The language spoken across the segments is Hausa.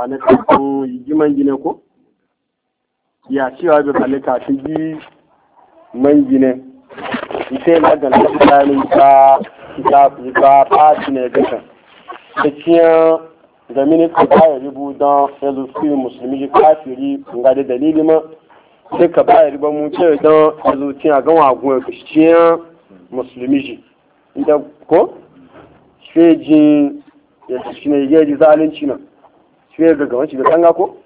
bane kafin yigiman gine ko ya cewa bai bane kafin yi man gine ita yana da lalata ta ta ta fati ne gasa cikin da minista ba ya ribu don yanzu su yi musulmi kafiri ga da dalili ma sai ka ba ya riba mu ce don yanzu a cikin musulmi ji ko sai ya shi ne zalunci nan shi ga gawan shi da tsanga ko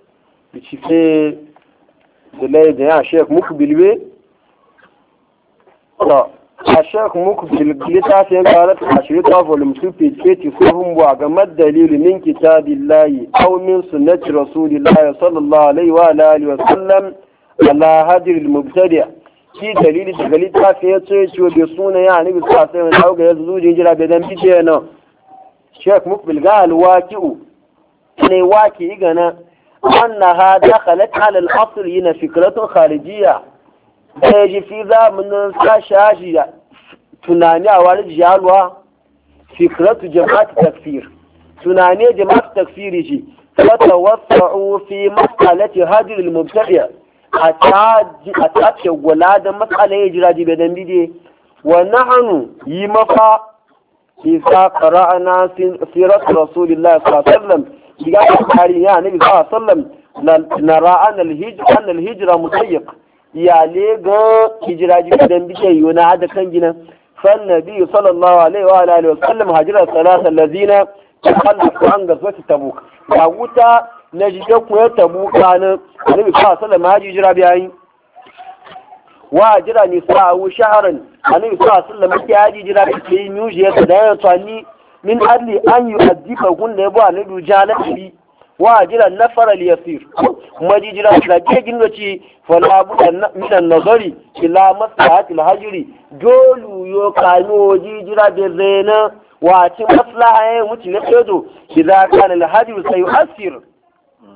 ci fe da lai da shek muku bilwe ta a shek muku bilwe ta fi gara ta shiri ta volume 2 page 87 wa ga madalilu min kitabillahi aw min sunnati sallallahu alaihi wa alihi wa sallam ala hadir mubtadi ki dalili daga littafin ya ce ciwo bai suna ya nabi sa sai wani auga ya zuzu jira bai dan bidiyo na shek mukbil ga alwaqi'u ne waki gana annaha dakhalat ala al-asl yana fikratun kharijiyya da ji fi zamanin sashi tunani a wani jihalwa fikratu jama'at takfir tunani jama'at takfiri shi fata wasa'u fi mas'alati hajr al-mubtadi'a a tace gwala da matsalar ya jira jibe dan bide wa hannu yi mafa isa qara'ana sirat rasulillahi sallallahu alaihi wasallam قال البحريان صلى الله عليه وسلم نرى أن الهجرة أن الهجرة مضيق يا ليغا هجرة جدا بشيء ينعد كنجنا فالنبي صلى الله عليه وآله وسلم هجر الثلاثة الذين تخلف عن غزوة تبوك يعوتا نجدك ويا تبوك أنا النبي صلى الله عليه وسلم هاجي هجرة بأي وهجر نساء شهرا النبي صلى الله عليه وسلم هاجي هجرة بأي نوجي يتدين طني min adli an yi ajiba gun da ya ba ni duja na ɗari wa jiran na fara liyasir kuma ji jira da ke da ci falabu da minan nazari ila maslahatil hajiri dole yo kano ji jira da zena wace maslaha ya wuce na tsodo ka na hajiri sai asir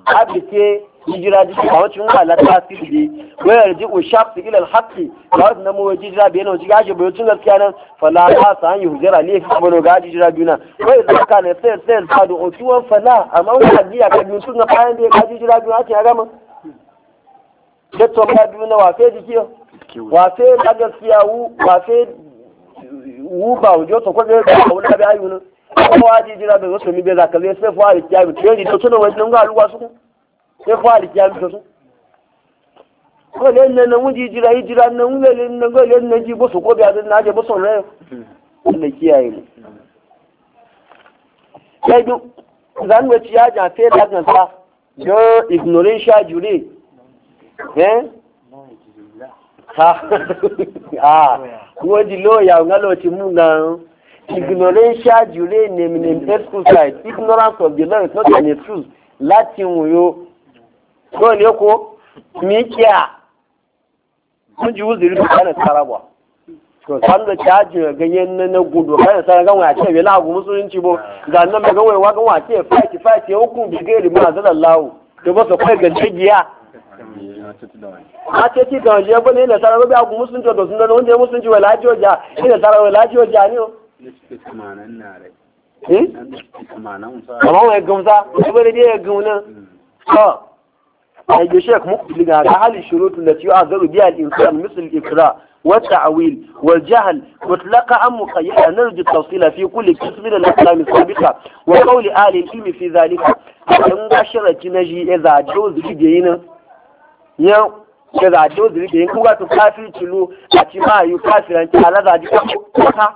abike hijira ji a wacin wala ta fi bi wayar ji u shaf su ilal haqqi ba su wa waje hijira bi yana wajen gashi bai tun gaskiya nan fala ta sa an yi hujjara ne fi kamar ga hijira biyu na wai zaka ne sai sai ta da otuwan fala amma wani hadiya ka biyu sun na bayan da ya ga hijira biyu ake ya gama jatto ba biyu na wafe jiki wafe na gaskiya wu wafe wu ba wujo to ko ga wani abi ayunu ko waje hijira bai wasu mi bai zaka zai sai fa ya kiyaye to ne to tunan wajen ga alwa su sai fari ya mutu su kole nan nan wuji jira yi jira nan wule nan gole nan ji busu ko biya na je busu ne wanda kiyaye mu sai duk zan wuce ya ja fe da kan sa yo ignorancia jure eh ha ha ko loya ngalo ti mu na ignorancia jure ne min exercise ignorance of the law is not an excuse latin wo ko ne ko mikia kiya kun ji wuzuri ko kana sarabwa to san da caji ga ganyen na na gudu kane sarar wa ce bela abu musulunci bo ga nan ga wai wa ga a ce fight fight ya hukum bi gairi ma zalallahu to ba su kai ga a ce ti da je bane sun wala joja wala joja eh ko mm. ha ya ga shek mukbili halin ga hali shurutu na ciwa ga rubiya al'insan misal ikra wata awil wal jahal mutlaka an muqayyada narji tafsila fi kulli qismin min al-islam wa qawli ahli al-ilm fi zalika an ga na ji za do zuri de yin ya ke za do zuri de yin ku a ci ma yu kafir an ta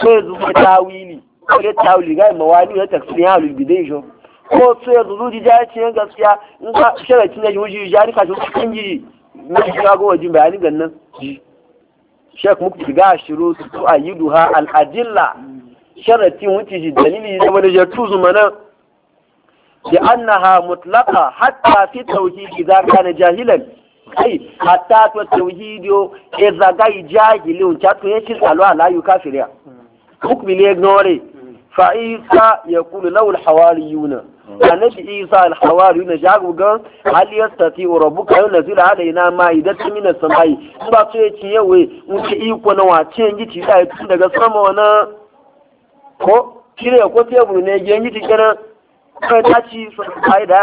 ko zu ta wili ko ta wili ga ko su ya da ya ce yin gaskiya in ka da na ya rika kashin cikin jiri na ga gowa jin bayanin gannan shek muku shiga shiru su a yi duha al'adilla sharatin wuce shi dalili da wani jartu mana. da annaha mutlaka hatta fi tauhidi za ka na jahilan kai hatta to tauhidiyo e zagayi jahilin chatu tsalo a layu kafiriya hukumi ne ignore fa ya kulu lawul hawari hawariyuna annabi isa alhawari na jago gan hal yastati rabbuka yunzil alaina ma'idatan min as-samai ba so iko na wace ngiti da tun daga sama wana ko kire ko tebur ne gengi tikana kai tachi sai da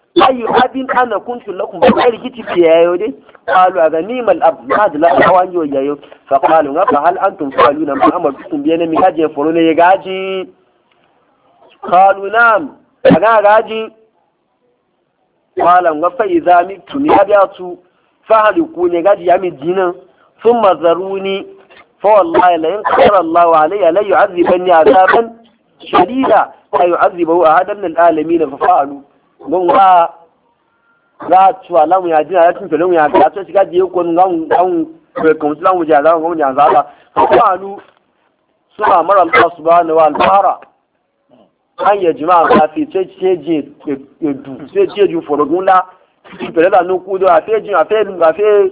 ayu abin ana kuntu lakum ba kai rikici ce yayo dai qalu aga nimal ab mad la hawan yo yayo fa qalu ga fa hal antum qaluna ma amar bikum biyana mi kaje foro ne gaji qalu nam aga gaji qala ga fa idza mitu ni abiatu fa haliku ne gaji ya mi dinan thumma zaruni fa wallahi la in qara allah alayya la yu'adhibani adaban shadida la yu'adhibu ahadan min al alamin fa fa'alu don wa za ci wa lamu ya ji ya tun ya ga to shiga je ko ngan ngan ko kun su lamu ja lamu ko za ba qalu suna mara Allah subhanahu wa ta'ala an ya jima ka fi ce ce je du ce je du forogun la pele da nu ku do a fe je a fe lu a fe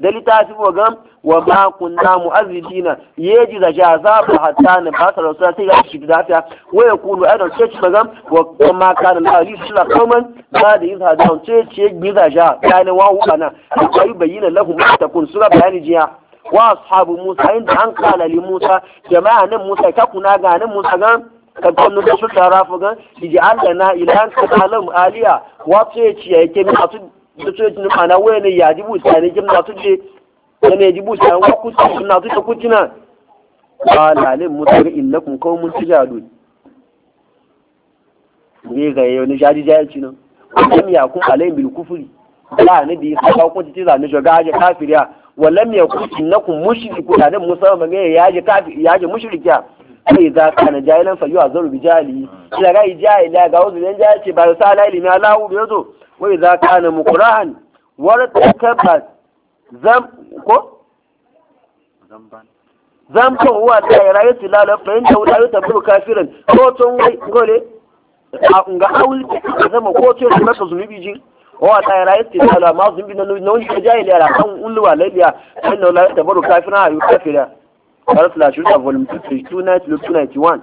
da littafi wa wa ma kunna mu'azzibina yaji da jazaba hatta na ba ta rasul sai ya shi da ta waya kulu aidan ce ci magam wa ma kana la ali sila kaman ba da yin hada ce ce giza ja kana wa wana kai bayyana lahum takun sura bayani jiya wa ashabu musa inda an kala li musa jama'a nan musa ka kuna ga nan musa ga kan kanu da su tara fugan ji Allah na ilahan ka alam aliya wa ce ci yake mi da su yake ma'ana waya ne ya ji ta ne kim na su ce wani ya jibu ta wa kuci kim na su ce kuci na ba lalin mutar illakun kawai mun ci jadu ne ga yau ne jadi jayarci nan lam yakun alayhim bil kufri la ne bi sa ko ti za ne joga je kafiriya wallam yakun innakum mushriku da ne musa ma ga ya je kafir ya je mushrikiya ai za ka na jahilan fa yu'azaru bi jahili ila ga jahila ga wazu ne ce, ba su sa la ilimi Allahu bi yazo wai za ka na mukurahan warta tabbas zam ko zamban uwa ta yi rayu tilala fahimta wuta yi tabbiru kafiran ko ton wai gole a ga hauli da zama ko tun da maka zunubi jin wa ta yi rayu tilala ma zunubi na no ni ta jahili yara kan ulluwa laifiya sai na wula ya tabbiru kafirin a yi kafira. Karatu Lashirka Volume 2, 290, 291.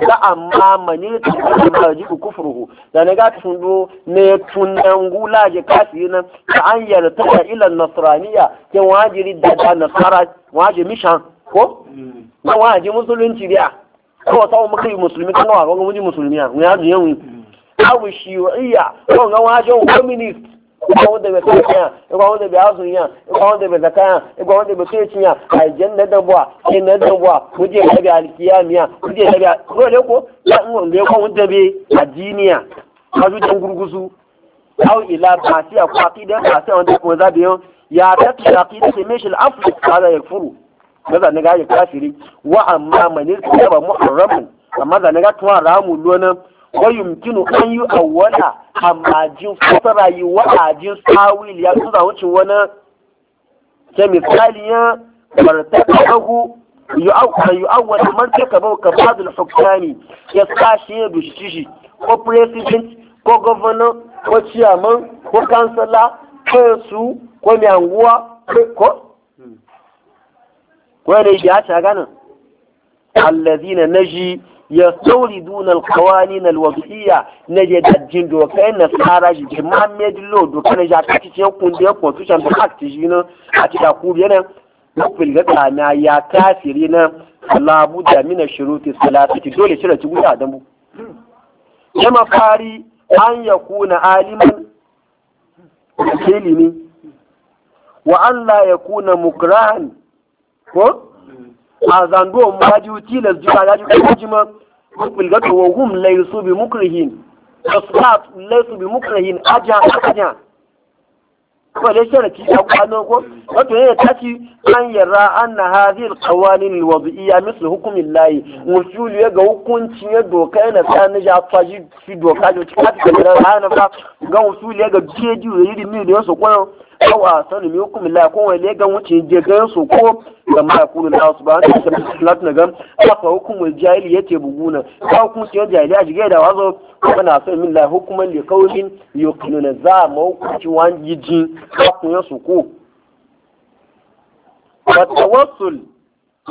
da amma mani ta kuma ji ku kufruhu da ne ga tun do ne tunan gula je kafi nan ta an yarda ta ila nasraniya ke wajiri da da nasara waje mishan ko na mm. waje musulunci biya ko ta mu kai musulmi kan wa ga mu musulmiya mu ya ji yawi mm. awu iya ko ga waje communist igwa wanda bai kai kiya igwa wanda bai azu ya igwa wanda bai zakaya igwa wanda bai kai kiya aljan na dabwa sai na dabwa kuje ga bi alkiyamiya kuje ga bi ko ne ko la mun da ko wanda bai adiniya kazu dan gurgusu aw ila fasiya ko aqida fasiya wanda ko zabi yo ya ta aqida sai mishi al-afrik yakfuru maza ne ga ya kafiri wa amma manir kaba muharramun amma ne ga tuwa ramu Ga yi mutum ɗin an yi awala amma aji kusa da a yi waɗa aji sawul ya ɗan zama a wajen wannan kemisaliya wadannan aure a yi awanni mace ko piresident ko guwannan ko ciyamar ko kansalar الذين نجي يستوردون القوانين الوضعية نجي دجين دو كأن السارة جي محمد لو دو كان جا تكتش يكون دي يكون توشان بحق تجينا أتدا قول ينا نقبل غطانا يا كافرين لابد من الشروط الثلاثة دولة شرع تقول آدم كما فاري أن يكون عالما كلمي وأن لا يكون مكرها ko a zanduwa maji tilas jima da ji jima bilgatu wa hum laysu bi mukrihin asbat laysu bi mukrihin aja aja ko da shi raki da kwano ko wato ne taci an yara anna hadhihi alqawanin alwad'iyya misl hukm allahi wujulu ya ga hukunci ya doka yana tsani ya faji shi doka jo cikin da ran ba ga wujulu ya ga jeji yiri mi da su koyo aw asanu mi hukum la ko wale gan wuce je gan su ko kamar yakulu la subhanahu wa ta'ala lat na gan afa hukum jahili yace buguna ko hukum sai jahili a jige da wazo kana so min la hukuman li qawlin yuqinuna za ma hukunci wan yijin ko ya su ko wa tawassul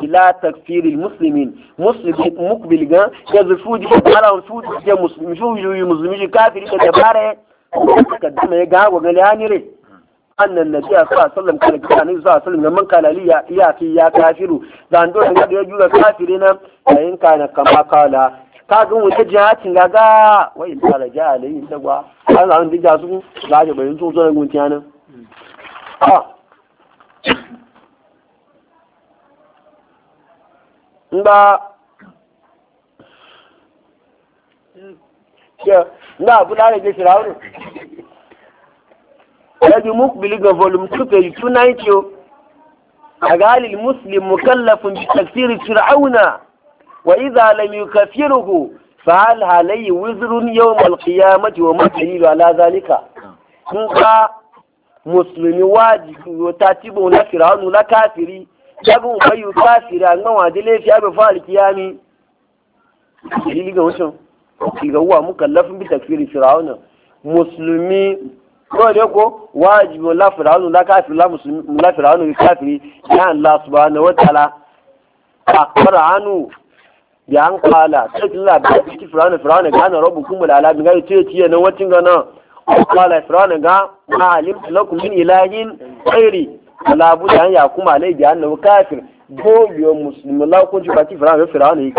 ila takfiri muslimin muslimi mukbil ga ya zufu di ala su di muslimin su yi muslimin kafiri da bare ka da mai ga ga ne annan nabiya sallallahu alaihi wasallam kana kika ne sallallahu alaihi wasallam man kana liya ya fi ya kafiru dan do ne da ya jura kafire na ayin kana kama kala ka ga wata jihatin ga ga in tala ja alai da gwa an zan dija su za ga bayin tsotso da guntiya nan na da Rabi Mukbili ga volume 2 page 290 a galil Muslim mukallafin bi tafsirin Fir'auna wa idza lam yukaffiruhu fa hal halayhi wizrun yawm al-qiyamati wa ma dalilu ala ta kun ka muslimi wajibi wa tatibu na fir'aunu na kafiri jabu bayu kafiri an gawa fi ga bi tafsirin Fir'auna ko da ko wajibi la fir'aunu la kafir la muslim la fir'aunu kafiri ya Allah subhanahu wa ta'ala akbara anu bi an qala tilla bi ki fir'aunu fir'aunu kana rabbukum la ala bi ga ce ce nan wacin ga nan qala fir'aunu ga ma alim lakum min ilahin ghairi la bu dan ya kuma lai bi annahu kafir ko biyo muslim la kun ji ba ki fir'aunu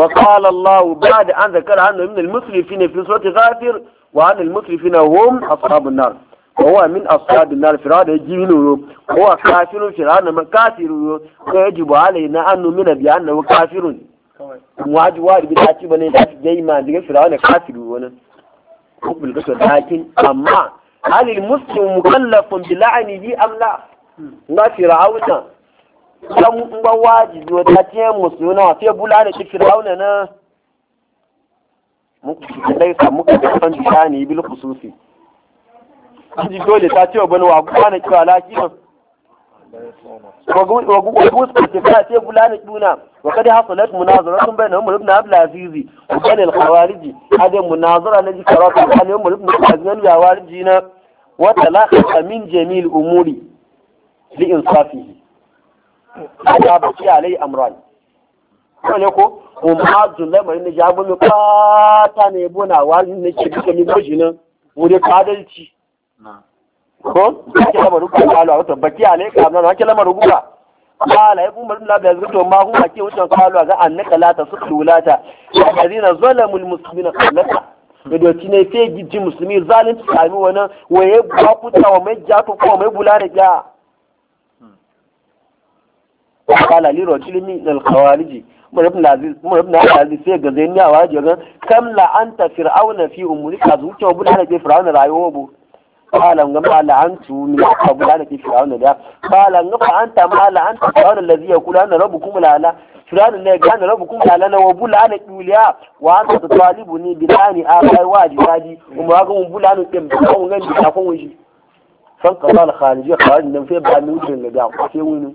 وقال الله بعد أن ذكر أنه من المسرفين في سورة غافر وأن المسرفين هم أصحاب النار وهو من أصحاب النار في هذا يجيبينه هو كافر في هذا من كافر ويجب علينا أن نؤمن بأنه كافر واجب واجب تاتيب أن يتاتيب جيما دي فرعون كافر وانا قبل قصة لكن أما هل المسلم مكلف بلعنه أم لا؟ ما فرعون dan ba wajibi wata ce musulmi na fiye bula da shi fir'auna na muku shi dai ka muku da san shani bil khususi ji dole ta ce bani wa kuma na kiwa laki nan wagu suke kana ce bula na duna wa kada hasalat munazaratun bayna umar ibn abdul aziz wa kana al khawarij hada munazara na ji karatu kana umar ibn abdul aziz ya warji na wa talaqata min jamil umuri li insafihi ala baki alai amran kone ko ko ma zulle mai ne jabu mi kwata ne bona wani ne ke duka mi goji nan wuri kadalci ko ke lamaru ko kalu wato baki alai kamar wake lamaru guba kala ya kuma la bai zuto ma kuma ke wucin kalu ga annaka la ta suku wulata alladhina zalamu almuslimina qablaka Idoci ne fe gidi musulmi zalunci sami wani waye ba kuta wa mai jato ko mai bula da ja. kala liro tilmi dal khawariji murabna aziz murabna aziz a waje ga kam la anta fir'auna fi umrika zuciya bu da ke fir'auna rayuwa bu kala ngam ala antu min abu da ke fir'auna da kala ngam anta ma ala anta fir'auna allazi yaqulu anna rabbukum la na fir'auna ne ga anna rabbukum la na wa bula la duliya wa anta tatalibu ni ni a kai wa jihadi umma ga mun bulanu din ba mun ga ta dan fe ba da wani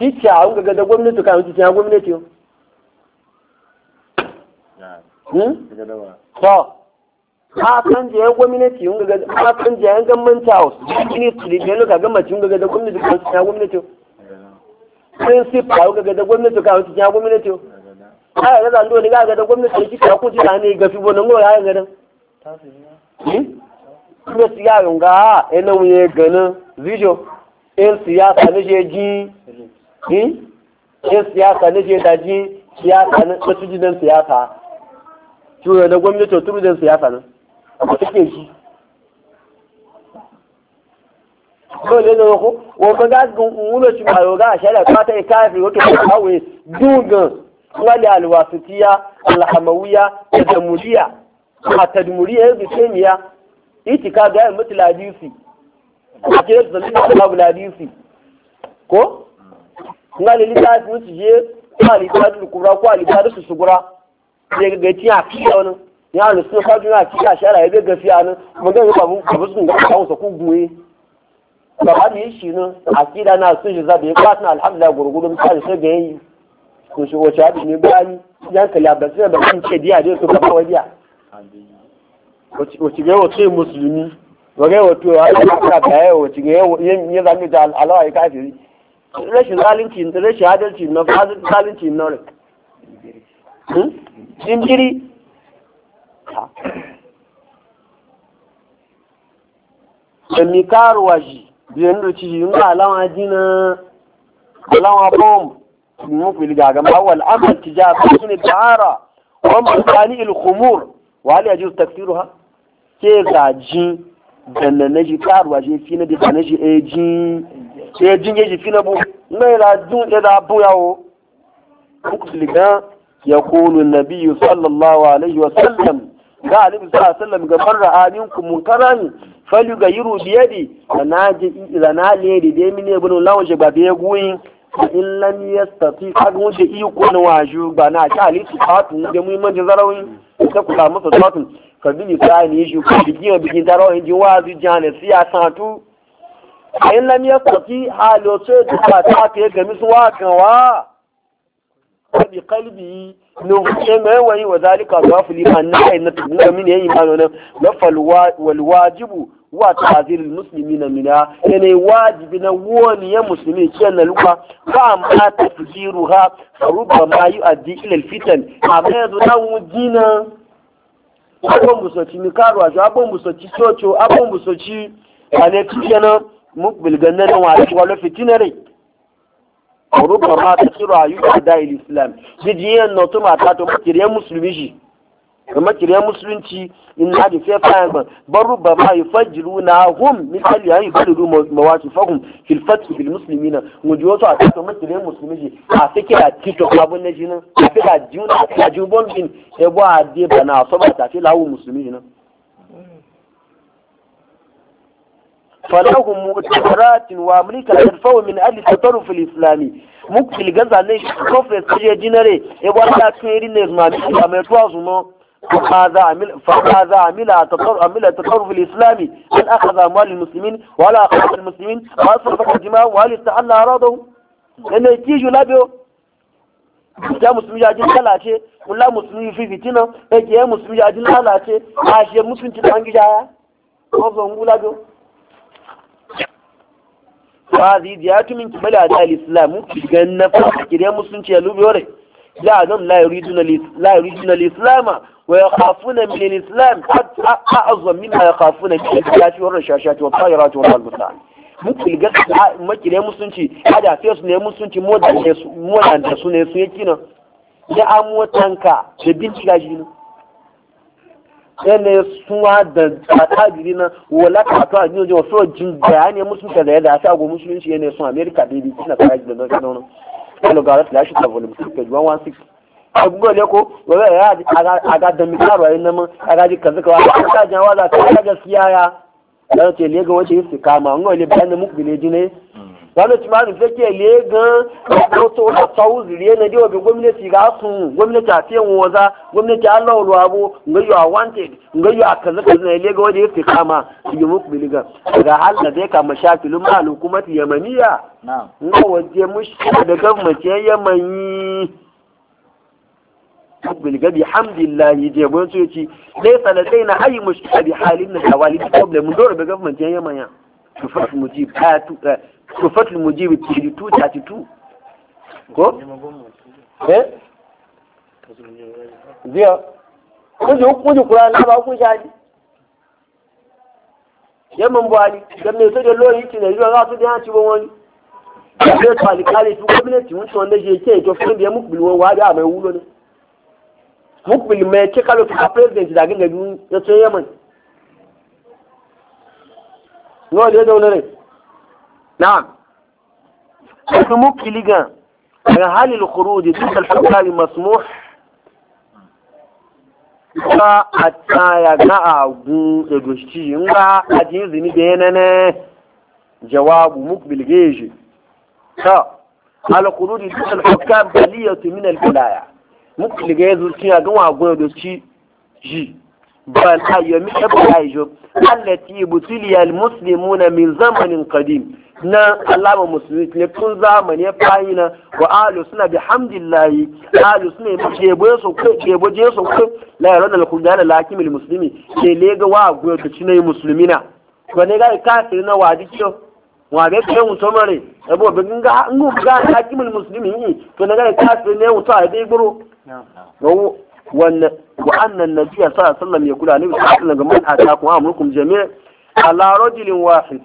kicha an ga da gwamnati kan kicha gwamnati hmm to ha kan je gwamnati un ga ha je an gamman house ni tsiri ne ga ga da gwamnati kan kicha gwamnati principal ga da gwamnati kan da ga ku ji ne ga hmm? ga kuma yunga ina eh, ganin video in eh, siyasa ne je jin yin eh? siyasa na je daji siyasa na tujidan siyasa ciwo na gwamnati tujidan siyasa nan su ke shi ko le no ko wo ko ga gun ulo ci yo ga shara ka ta ka ikafi wato ko hawe dugan wali alwasitiya alhamawiya tadmuliya a tadmuliya yanzu kemiya itika ga mutul hadisi a kira zalimi babu hadisi ko nga le littafi wuce je ko alibadu kubra ko alibadu su sugura ne ga gaci a fiya wani ya ne sun kwaju na kika shara ya bai gafiya nan mun ga babu babu sun ga kawo sa ku guye ba ba ne shi nan akida na sun shi zabe ya na alhamdulillah gurgudu misali sai ga yayi ko shi wace abin ne bani yan kala ba sai ba kin ce diya dai su ka ba wadiya wace ga wace musulmi wa ga wato ya ka ga wace ga ya zanni da alawa ya kafiri rashin zalunci rashin adalci na fazin zalunci na rin hmm? jinjiri da mi karuwa shi biyan da ci yin alawa jina alawa bom mu fili gaga ma wal amal tijara sun ta'ara wa man qani al khumur wa hal yajuz ha? ke zaji dan na ji karuwa je fi na da na ji ejin eh, ṣe jíjẹ́ yìí fínà bú mẹ́ra dún ẹ̀dá búyàwó yà ya kóòlù nàbí yìí sallallahu alaihi sallam ga alibi sallallahu alaihi sallam ga barra anin ku karani falu ga yiru biyadi da na le da dai mine bin lawon shi ba bai guyi in lam yastati kagun da iko na waju ba na ta alisu fatu da zarawin ta kula masa fatu ka in lam yastati halo ya duka ta ke ga misuwa kanwa bi kalbi? no ce eh, mai eh, wani wa zalika zafu liman na ayin na tunga min yayin imanu nan na falwa wal wajibu wa ta'zir al muslimina mina yana wajibi na wani ya musulmi ce na luka ba amma tafjiruha ba ma yi a ila al fitan amma yanzu nan wujina abon musoci mi karuwa abon musoci soco abon musoci a ne kenan mukbil ganna na wa shi wala fitina rai rubar ma ta tsiro a yuka da islam jijiyan na tuma ta to makiriyan musulmi shi makiriyan musulunci in na da fe fayan ban bar rubar ma yi fajiru na hum misali ya yi fajiru mawasu fahim filfatu bil musulmi na muji wasu a tato makiriyan musulmi shi a fike a tito abun na shi nan a fike a jiun a jiun bombin ebo a de bana a soba ta fi lawo musulmi shi nan. falahum mu'tamaratin wa amrika tarfau min ahli tatarruf al-islami mukil gaza ne kofes je dinare e wala kiri ne ma فهذا عمل فهذا عمل التطرف الاسلامي ان اخذ اموال المسلمين ولا اخذ المسلمين واصرف الدماء وهل استحل اراضهم ان يتيجوا لابيو ya musulmi ya lalace kula musulmi fi fitina ya ke ya musulmi ya lalace a shi musulunci da an gija ya ko zo ngula wa zai ya min kibali a da islamu gan na fara kiriyar musulunci ya lube ware a zan la yuridun al-islam wa yakhafuna min al-islam kafu na yakhafuna ya ci kafir wa rashashati wa tayrat wa al-mutan mu ga makire musunci ada fiye su ne musunci modan da su ne su yake nan amuwa tanka da bincika shi ne ele suwa da tajiri na wala ka to jiyo jiyo so jin bayani musu ka da da shago musulunci ne sun amerika da bi kina kara jiyo nan nan hello ga ta shi ta volume 6 page 116 agogo ne ko wala ya aga da mi karo ayin nan aga ji kaza ka wa ta jawa za ta gaskiya ya dan ce lega wace yi su kama ngole bayan da muku bile ne wani ci manu fake le gan wato da tsawu zuriye na dewa bi gwamnati ga su gwamnati a fiyan waza gwamnati an lawarwa abu nga yi a wanted nga yi a kaza kaza na le ga wanda ya fi kama su yi muku biligan ga hal da zai kama shafilin malu kuma ta yamaniya nga waje mushi da gwamnati ya yamani bilga bi hamdillahi je bon so ci dai salatai na ayi mushkila bi halin da walidi problem mun dole da gwamnati ya yamanya to fa mu ji ta tufatul mujibi 32 ko eh biya kuje kuje qur'an ba ku shaji yamman buhari dan me sai da lori ki ne zuwa za su da ci ban wani sai to alikali tu gwamnati mun to je ke to fun biya mukbil wa wada mai wulo ne mukbil mai ke kalo ka president da ganga biyu ya to yamman da da ne نعم su mukili ga daga halil khuruji duk ba a tsaya ga agun da doshi ba a jin zini da yana jawabu mukbil geji ta alkhuruji duk alfakari a agun ji bala yomi ebalajo allati butuliya almuslimuna min zamanin qadim na alama musulmi ne tun zamani ya fayi na wa alu suna bi hamdillahi alu suna yi jebo su kai jebo je su kai la yaron al-qur'an lakimil muslimi ke lega wa goyo to cinai muslimina ko ne ga kafir na wadi ciyo wa ga kai mutum mare ebo bi ga ngu ga lakimil muslimi to ne ga kafir ne wuta da iguru wanne wa na nabiyya sallallahu alaihi ya kula ne bi sallallahu alaihi wasallam ga man ataku amurkum jami'a ala rajulin wahid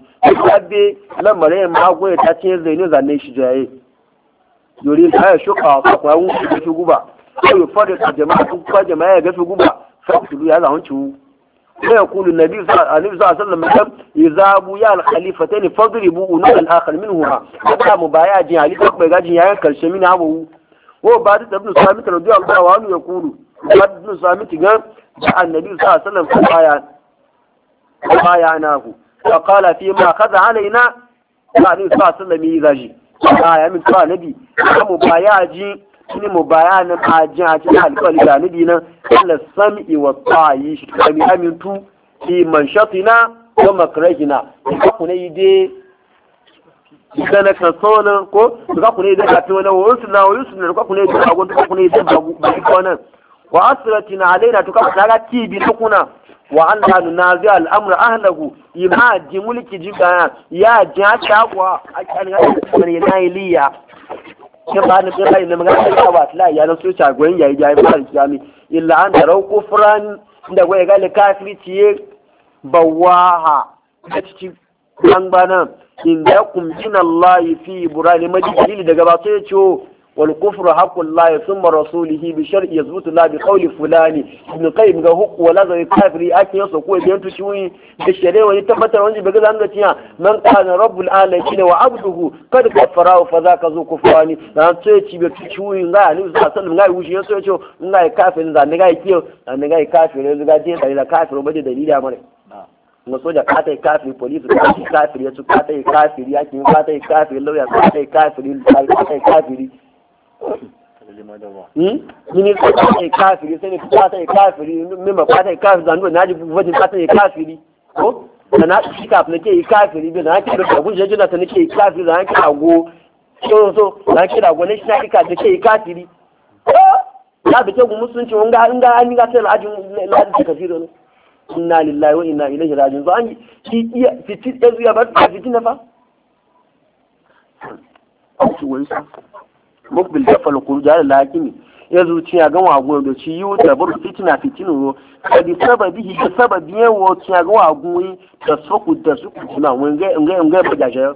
kabe lamare ma go ta ce zaini zanne shi jaye yuri ta ya shuka ko ko an ga su guba sai ya fada ta jama'a ko ko jama'a ya ga su guba sai su ya zaunci sai ya kula nabi sallallahu alaihi wasallam ya izabu ya al khalifatain fadribu unu al akhar minhuma da mubayaji ali ko bai gaji yayin karshe min abu wo ba da ibn sami tarudi al ibn sami tiga da annabi sallallahu alaihi wasallam baya na ku fa qala fi ma kaza alaina ba ni sallallahu alaihi wasallam yi zaji aya min to annabi mu baya ji ni mu baya nan a ji a cikin alƙawari da annabi nan Allah sami wa tayi shi kami amintu fi manshatina wa makrahina ku ne yi kana ka sona ko ka ku ne da ka tona wa yusna wa yusna ka ku ne da ka ku ne da ba ko nan wa asratin alaina to kama daga tibi na kuna wa an da zai al'amura ahlahu ima ji mulki ji gana ya ji a shagwa a kan ya na liya ke ba ni bin rai na magana ta ba ta ya na so shagwayin yayi yayi ba alkiyami illa an tarau kufran da gwaye ga le kafiri ciye bawaha a cikin an bana in da kum jinallahi fi burani majidili daga ba sai ya ciwo والكفر حق الله ثم رسوله بشرع يثبت الله بقول فلان ابن قيم ga hukku wala zai kafiri akin yaso ko idan to shi da wani tabbatar wani bai ga ga tiya man kana rabbul alamin wa abduhu kad kafara fa zaka zo kufani dan ce ci be ci wi za ni za sallam ga wuce yaso yace ina kafirin za ni ga kiyo ni ga ne ga je da kafirin ba da dalili amare na soja ka ta yi kafin polisi ka ta yi ya su ka ta yi kafiri yakin ka ta yi lauya ka ta yi kafiri ka ta yi mini hmm? kwata ya kafiri sai ne kwata ya kafiri mimba kwata kafiri zanuwa na ji vajin kwata ya kafiri ko da na shi kafin ke yi kafiri da na ke da abun jaji ta yi kafiri da na ke go, so so na ke da na shi na ika da ke yi kafiri ya bi kyau musulunci wanga in ga an yi gasar la'ajin la'ajin ta kafiri ne inna lillahi wa inna ilaihi raji'un so an yi shi iya fitin ba fitin na fa. mukbil da falkun jari lakini ya zuciya ga wagun da ci yi da bur fitina fitinu ka bi sababi hi da sababi ya wo ga wagun da suku da suku kuna wani ga ga ba da jayo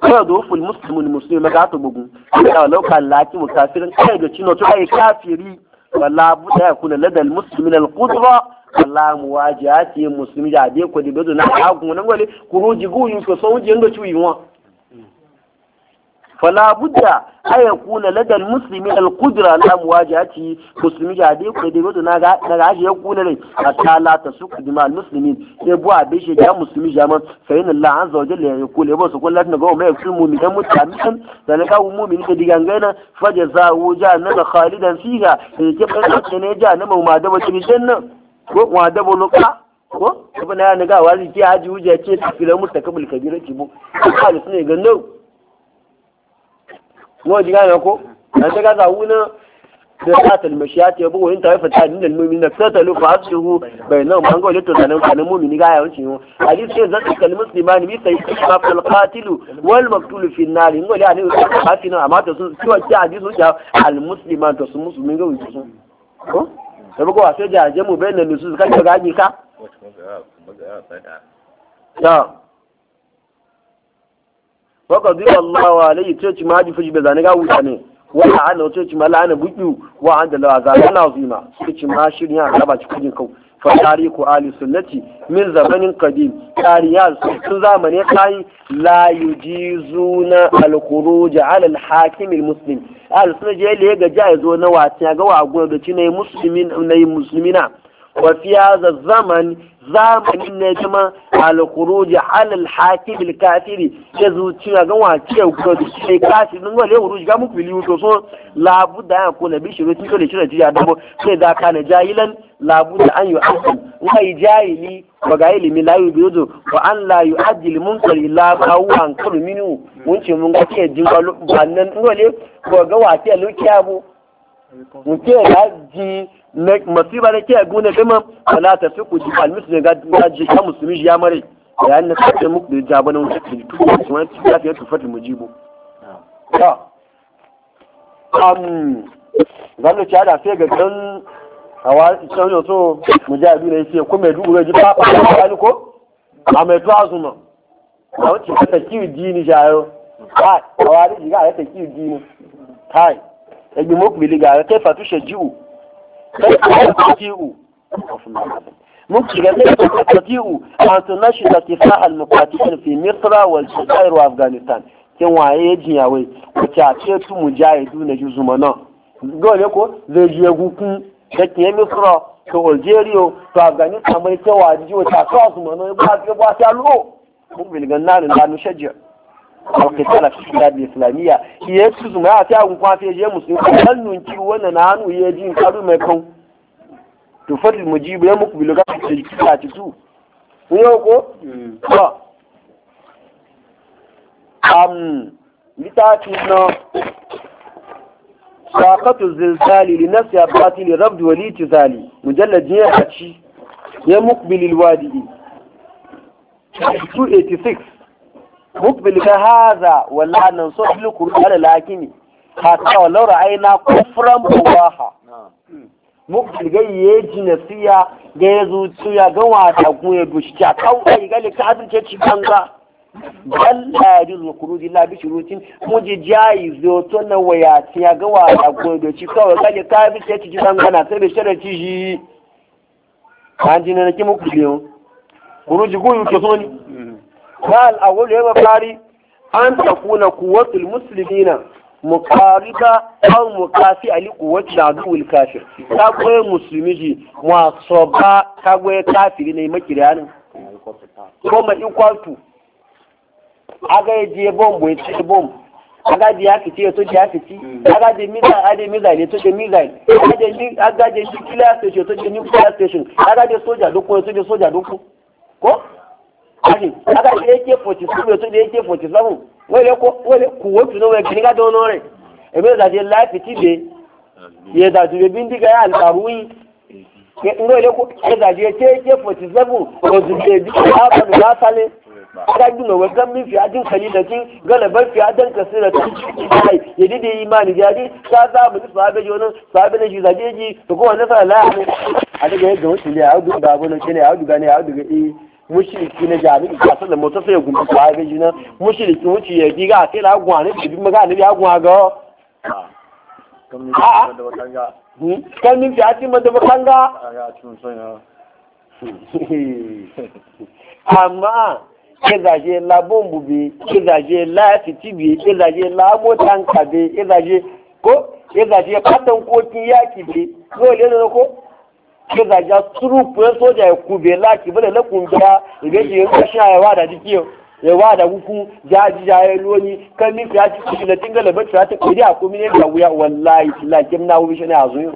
ko da ful muslimun muslim ga to bugun da lauka laki mukafirin kai da cino to ai kafiri wala buda ya kuna ladal muslimin al qudra wala muwajati muslimi da be ko na agun nan kuruji ko ndo fala budda ay yakuna ladal muslimi al qudra ala muwajahati muslimi ya dai ko dai wato na ga ya kuna a hatta la tasuku bima al muslimin sai bu a bishe ga muslimi jama fa inna allah azza wa jalla ya kula ba su kullat na ga mai su mu'minan mutamin da na ga mu'min da digangana fa jazahu jahannama khalidan fiha ke fa ne jahannama ma da wata janna ko da buluka ko ibn ya ni ga wani ki haji hujja ce tafilan mutakabul kabira ki bu ga kuma ji na ko an ta gaza wuna da satal ya bugu in ta haifa ta dinan mumin da ta lufa asuhu bai nan an ga lito sanan kanin mumini ga yawan ciwo hadisi sai zan kal muslimani bi sai fal wal fi nar amma to su al musliman to ga mu ga waka zuwa Allah wa alayhi coci ma haji fushi bai zane ga wuta ne wala ana coci ma la'ana buɗu wa an da lawa zaɓe na zima coci ma shirin a raba ci kujin kau fa tariku ali sunnati min zamanin qadim tariya sun zamanin kai la yujizuna al khuruj ala al hakim al muslim al sunna je le ga ja zo na wata ga wa gwada ci ne muslimin ne muslimina wa fi hadha zaman zamanin ne kuma al-khuruj ala kafiri ya zuci ga wace ko sai kafi nun wale khuruj ga muku liyu to da ya kuna bi shiru tiko da shiru ya dabo sai da kana jahilan labu da an yu'azzim wai jahili wa ga ilimi la yubidu wa an la yu'addil munkar illa ma huwa an kullu mun ce mun ga ke jin bannan wale ko ga wace lokiya bu mun ce ga ji masiba da ke a gune dama ala ta fi kuji almisu ne ga jika musulmi ya mare da yan na sai muku da jaba na wuce kiri tuku su wani cikin ya tufa ta mujibu zanu ci ada sai ga kan hawa can yau so mujahidu ne ce ko mai dubu ji fafa da wani ko a mai tuwa su ma a wancin ka ta kiwi dini shayo a hawa da jiga a ya ta kiwi dini Hai. ta yi muku biliga ya kai fatushe ji'u kai a kan tafi'u mun shiga ne da kan tafi'u da ke sa al-mukatikin fi mirtara wa shi afghanistan kin waye ya jiya wai wace a ce su mujahidu na juzu mana gole ko zai ji ya gukun da ke ya mirtara to algeria to afghanistan mai kyau a jiwa ta kawo su ya ba ta lo mun bilgan na da na alkitala fi shidad islamiyya iya su zuma a ta gumfa ta je musulmi kan nunki wannan na hannu ya ji karu mai kan to fadil mujibu ya muku biloga ta ji ta ci su kun yau ko ba am litafi na sakatu zilzali li nafsi abati li rabd wa li tizali mujallad ya ci ya muku bilil wadi 286 mukbil ka haza wallahi nan so bil qur'an lakini hatta walau ra'ayna kufran bawaha mukbil ga yeji nasiya ga yazu tuya ga wata ku ya dushi ta kawai ga le ka azurce ci banza bal la yajuz khuruj illa bi shurutin muje jayi zo to na waya tiya ga wata ku da ci kawai ga le ka azurce ci banza na sai da sharati shi kan jinana ki mukbil yo khuruj ku yu to soni قال أول يوم قاري أن تكون قوة المسلمين mukarita an mukafi ali kuwaci na duwul kafir kagwe musulmi ji masu ba kagwe kafiri ne makiriya nan ko ma ikwatu aga je bom bai ce bom aga je ya fice ya toce ya fice aga je mizal aga je mizal ya toce mizal aga je nuclear station ya toce nuclear station aga je soja duk ko ya toce soja duk ko aji aka ṣe ak forty seven tó di ak forty seven wọ́n lè kó wọ́n lè kú wọ́n tún náà wọ́n kì í ká dán náà rẹ̀ èmi ìdá ṣe láìpì tí de ìyẹ̀dà tó lè bí ń dìgbà Ko àlùkàrú yìí wọ́n lè kó ìyẹ̀dà ṣe ṣe ak forty seven òtún lè bí ká bọ̀dù bá sálẹ̀ aka gina wa gambin fi adin kalilati galabar fi adin kasira ta kai yadi da imani jadi ta za mu ji sahabe ji wannan sahabe ne shi zaje ji to ko wannan sala la a daga yadda wasu ne a duga abun ne a duga ne a duga eh mushiriki na jami'i ga sanda motar sai ya gumbi ko ai bai na mushiriki wuce ya diga sai la gwa ne bi maga ne ya gwa ga a ah. ah. hmm? kan min fi ati mada bakanga ah, amma ke zaje la bombu bi ke zaje la fiti bi ke zaje la motan ka bi ke zaje ko ke zaje fatan kokin yaki bi ko le ko ke zaja turupu ya soja ya kube laki bane na kungiya ga je ya shi ya wada jiki ya wada huku ya loni kan ya ci da tingala ta ko da wuya wallahi laki na shi ne a zuyo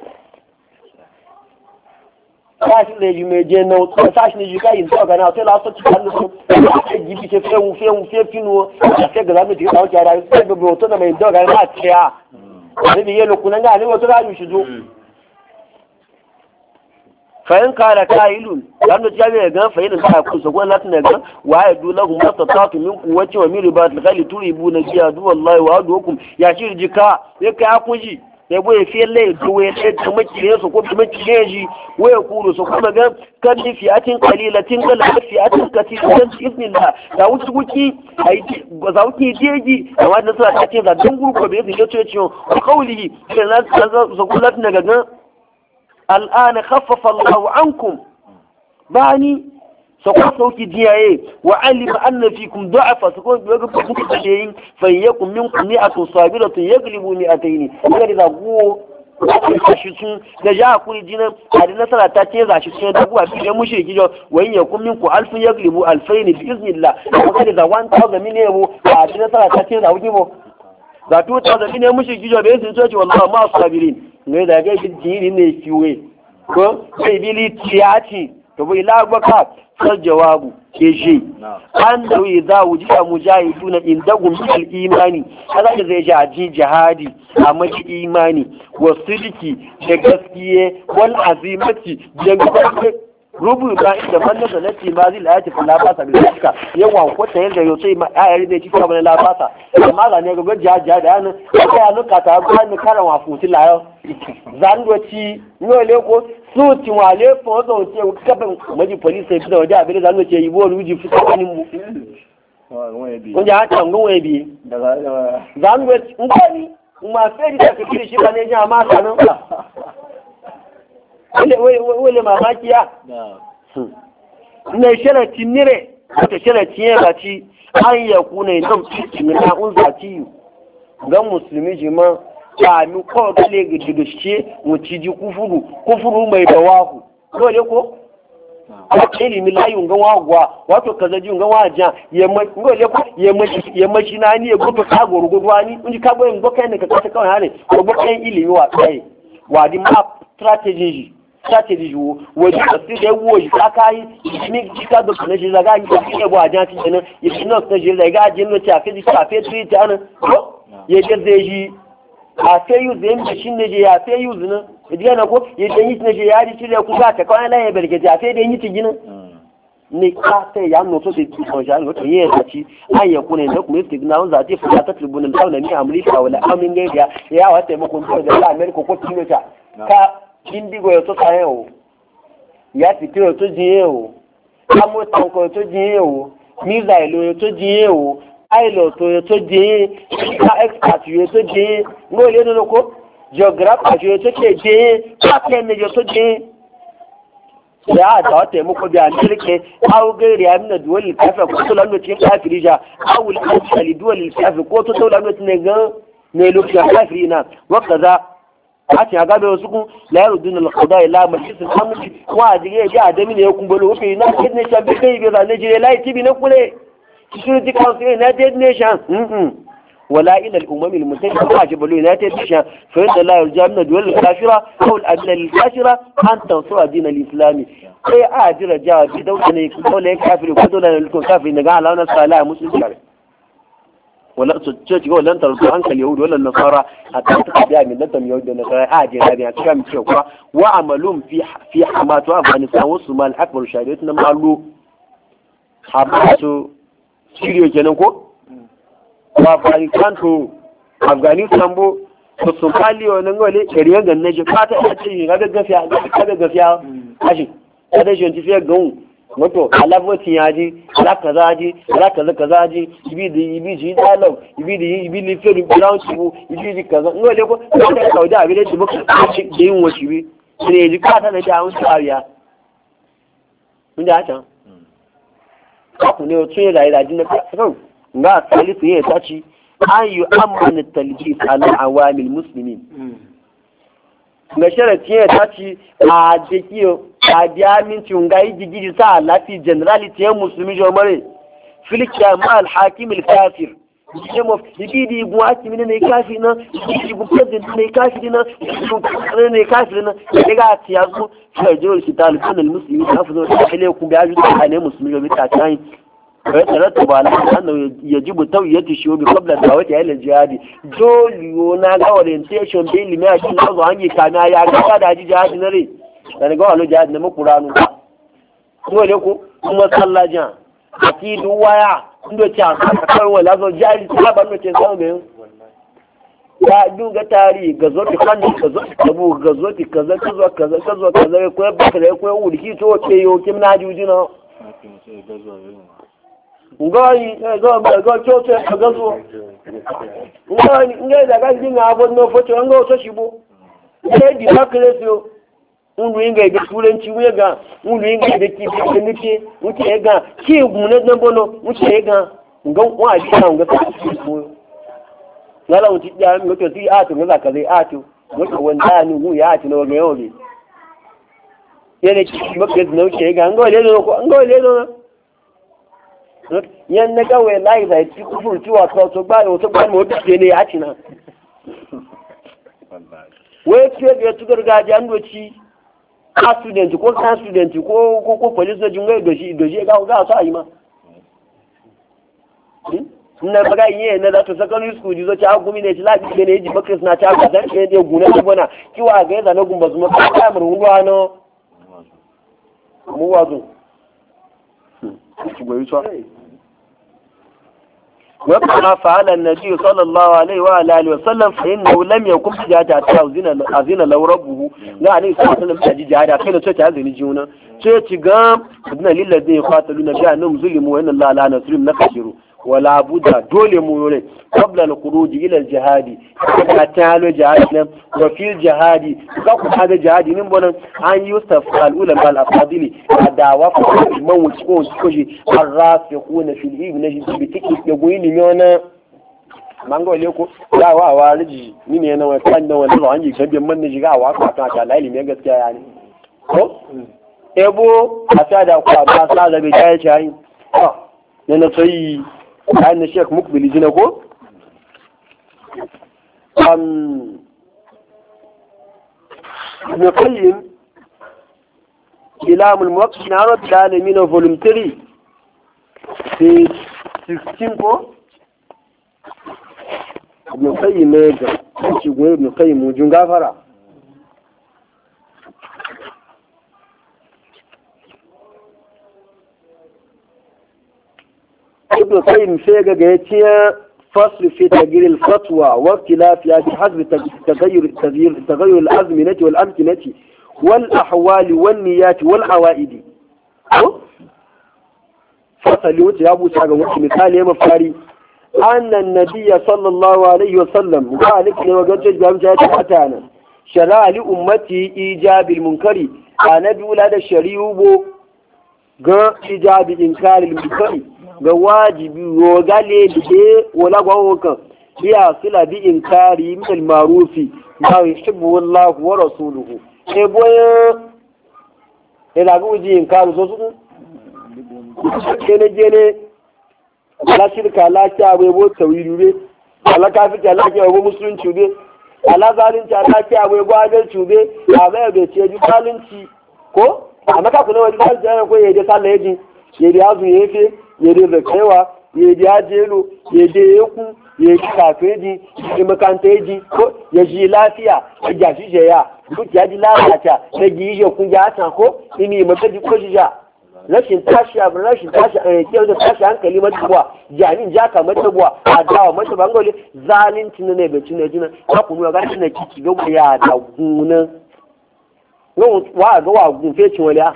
sashi ne yi mai je na wuta ne na sai kan su fe ga zamu ji ta wuce da sai ga hoto na mai na yelo kunan ga ne wato ga shi zo fayin kala kailun dan da jabe ga fayin ka ku so gona tun ga wa ya dula hum matatatu min quwwati wa min ribat al-khali turibuna jihadu wallahi wa adukum ya shiri jika ya kai akuji ya boye fiyelle duwe ya kuma kire so. ko kuma kire ji waya kuru kuma ga kan ni fiatin qalilatin qala fiatin katiratin iznillah da wuci wuci ai za wuci jeji da wannan ta ce zai ce ce ko kauli na الآن خفف الله عنكم باني سقط صوت دنياي وعلم أن فيكم ضعفا سقط بيجب بكم شيئين فيكم منكم مئة صابرة يغلب مئتين غير إذا هو أشتم نجا أقول دينا هذه نسلا تاتين ذا شتم دعوة في جموشي كجو وإن يكون منكم ألف يغلب ألفين بإذن الله وغير إذا وان تاوز مني هو هذه نسلا تاتين ذا وجبه da tuta da ne mushi gijo bai sun soci wallahi ma sabirin ne da ga jiri ne kiwe ko sai bili tiyati to bai lagbaka sal jawabu ke shi an da wai za wuji a mujahidu na inda gumbal imani kaza da zai ji jihadi a maki imani wa sidiki da gaskiye wal azimati da gaskiye rubu ba inda manna da nati ma zai lati fa la basa bi zaka yawa ko ta yanda yau sai ayar da kika bane la basa amma ga ne ga gaji ja da yana ko ya luka ta ga ni karan wa futi la yo zandoci no le ko su ti wa le fo do ce ka ban maji police sai da waje abin zandoci yi bo ruji fi tsakanin mu kun ya ta ngon webi bi zandoci ci ngani ma sai da kiri shi ba ne ja ma sanan wani mamaki ya na sharaci nire wata sharaci ya an ya kuna yin na un zaci yi don musulmi jima sami kawai ga jigaske wuci ji kufuru kufuru mai bawahu dole ko a ilimi layi ga wagwa wato kaza ji ga ya ya gudu yin wa tsaye wa map strategy láti rí wo wòlí ìsílẹ̀ wo ìsákáyí ní jíká dọ̀tún ní ṣẹlẹ̀ gáà yíyá sí ẹ̀bọ̀ àjá ti jẹ̀nà ìfì náà tún ṣẹlẹ̀ gáà jẹ́ ní ti àfẹ́jì sí àfẹ́ tó ìjà náà yẹ jẹ́ zẹ́ yí àfẹ́ yù zẹ́ ń bẹ̀ sí ní ṣe yà àfẹ́ yù zẹ́ náà ìdílé náà kó yẹ jẹ́ yí ti ní ṣe yà á di sílẹ̀ kú káàkẹ́ kọ́ ẹlẹ́yìn bẹ̀rẹ̀ kẹ̀tẹ̀ àfẹ́ dé yí ti jiná ne ka ta ya no so se ti kon jan to ye ta ci an ya kuna da kuma ti na za ti fa ta tribunal ta na mi amrika wala amin ne ya ya wa ta mu kun da America ko kíndìgò ẹ̀ tó kàáyẹ̀ o ìyá pìtì ẹ̀ tó dín yẹ̀ o o mísà o ẹ̀kpàtì ní nínú kó tó ya mina duwal littafi ati ha aga bɛ suku lɛru al qada ila majlis al amn wa adiye bi adami ne yakun bolo ofe na dead nation bi keyi bɛba ne jire lai tibi ne kule kisuru security council united nation wala ila al umam al mutajjib wa ajib ajbalu united nation fa inna la yarjamu na duwal kafira aw al-adla al-kafira an tansura din al islam ay a jira jawabi dauka ne ko le kafiri ko dole ne ko kafiri daga alawana sala musulmi wala su ce ci wala ta rubu hankali yahudu wala nasara hatta ta tafi a millatan yahudu da nasara a je rabi a cikin mace kuma wa amalum fi fi hamatu afghanistan wasu mal akbar shari'at na malu hamatu siriyo kenan ko wa afghanistan to afghanistan bo to sun kali wannan gole shari'a ganna je fata a cikin ga gaggafiya ga gaggafiya ashin kada shi yanzu fiye ga moto alafocin ya ji alakaza ji alakaza kaza ji ibi da ibi ji dalau ibi da ibi ni fere brown chibu ibi ji kaza ngo le ko ka da sauda abi da chibu ka ci da yin wasu bi sai ji ka ta da ja wasu ariya mun da ta ku ne tun yayi da jin ka kan ga talifu yayi ta ci an yu amman talbis ala awamil muslimin mm. ga sharafi ya tashi a jiki a biya minci ga yi gigiri sa lafi generality ya filiki jomare filikiya ma alhakim alkafir jemo gigiri igun hakimi ne kafi na gigiri ibu president ne kafi na gigiri ne kafi na da ga ta yazo sai jiro shi talibin musulmi ta fi zo ta ile ku ga ju ta ne musulmi jomare ta tayin rattaba annahu yajibu tawiyatu shubi qabla dawati ila jihadi dole na ga orientation bi limi a cikin azu hangi kana ya ga a ji jihadi na rai dan ga wani jihadi na mukuranu ko ne ko kuma sallaja akidu waya ndo cha kakar wala zo jihadi ta ban no samu ne ya duga tari ga zo ti kan ga zo ti abu ga zo ti kaza kaza kaza kaza kaza ko ba kare ko wuri ki to ke yo kim na Ngoyi ego eh, kyoto ya gazo ngayi ngayi da gaji na abun na foto nga oso shibo ngayi di bakilesi yo unu inga ga turanci wuya ga unu inga ga ki da nike wuce ga ki gune dan ga ya a to a to wuce ya na yan na gawaye layi zai ci kufur ciwa ta wasu gbani wasu gbani wata ke ne ya ci na wai ce da ya ci gargajiya an kwa a student ko kan student ko ko ko police na jingai doji doji ga ga su ayi ma na baga yi na da to secondary school ji zo ci agumi ne ci labi ne eji bakris na aga dan ne da gune da kiwa ga ya zuma ka ta mun ruwa mu ṣùgbọ́n sọ. wọ́pọ̀ máa fàálà nàbí sọ́lọ́láwà aláìwá aláàlú sọ́lọ́ fàyín náà lẹ́mí ẹ̀kún fi jáde àti àzínà lọ́wọ́rọ́ buhu náà ní ìsọ́lọ́ sọ́lọ́ fi jáde jáde àkẹ́lẹ́ tó ti àzìní jí wọn. tó ti gan ọdún àlílẹ̀ dín ìfọ́ wala buda dole mu ne qabla al-khuruj jihadi, al ka ta halo jihadi nan wa fi jihad ka ku ta jihad nin nan, an yi yusuf al-ulama al-afadili adawa ku man wuce ko wuce ko shi, an rafi ko na fi al na shi, bi tiki ya goyi ni yona mango le ko da wa wa riji ni ne na wa kan da wani ran an yi bi man ji ga wa ka ta ta laili me gaskiya ya ne ko ebo a ta da ku ba sa da bi ta yi ne na tsayi kayan na shek mukbili jina ko um ibn qayyim ilamul muwaqqi na rabbil volume 3 page 16 ko ibn qayyim ne goyi ibn qayyim gafara ibn qayyim sai ga ga yace fasl fi tagir al fatwa wa ikhtilaf ya bi hasb tagayyur tagayyur tagayyur al azminati wal amkinati wal ahwal wan niyat wal awaidi fasali wuce ya buce ga wani, misali ya mafari annan nabiyya sallallahu alaihi wa sallam ga alik ne wa gaje jam ja ta atana shara'a li ummati ijabil munkari annabi wala da shari'u bo ga ijabi inkaril munkari ga wajibi wo gale de wala gwawo kan biya sila bi inkari min al-ma'rufi ma yuhibbu Allah wa rasuluhu e boye e la guji so su kene shirka we bo tawiru be ala e musulunci be ala zalunci ala e bo adalci be ce zalunci ko amma ka wani zalunci ko yadda da kaiwa yadda ya jelo yadda ya ku yadda kafe ji yadda makanta ji ko ya ji lafiya ya gashi shi ya duk ya ji lafiya ta ji ya kun ya ta ko ini mata ji ko shi ya rashin tashi abu rashin tashi a yake wajen tashi hankali mata buwa ja ka mata buwa a dawa mata bangole zalunci na ne na cin jina ta kuma ga na kiki ga ya da gunan wa ga wa gun fecin wali a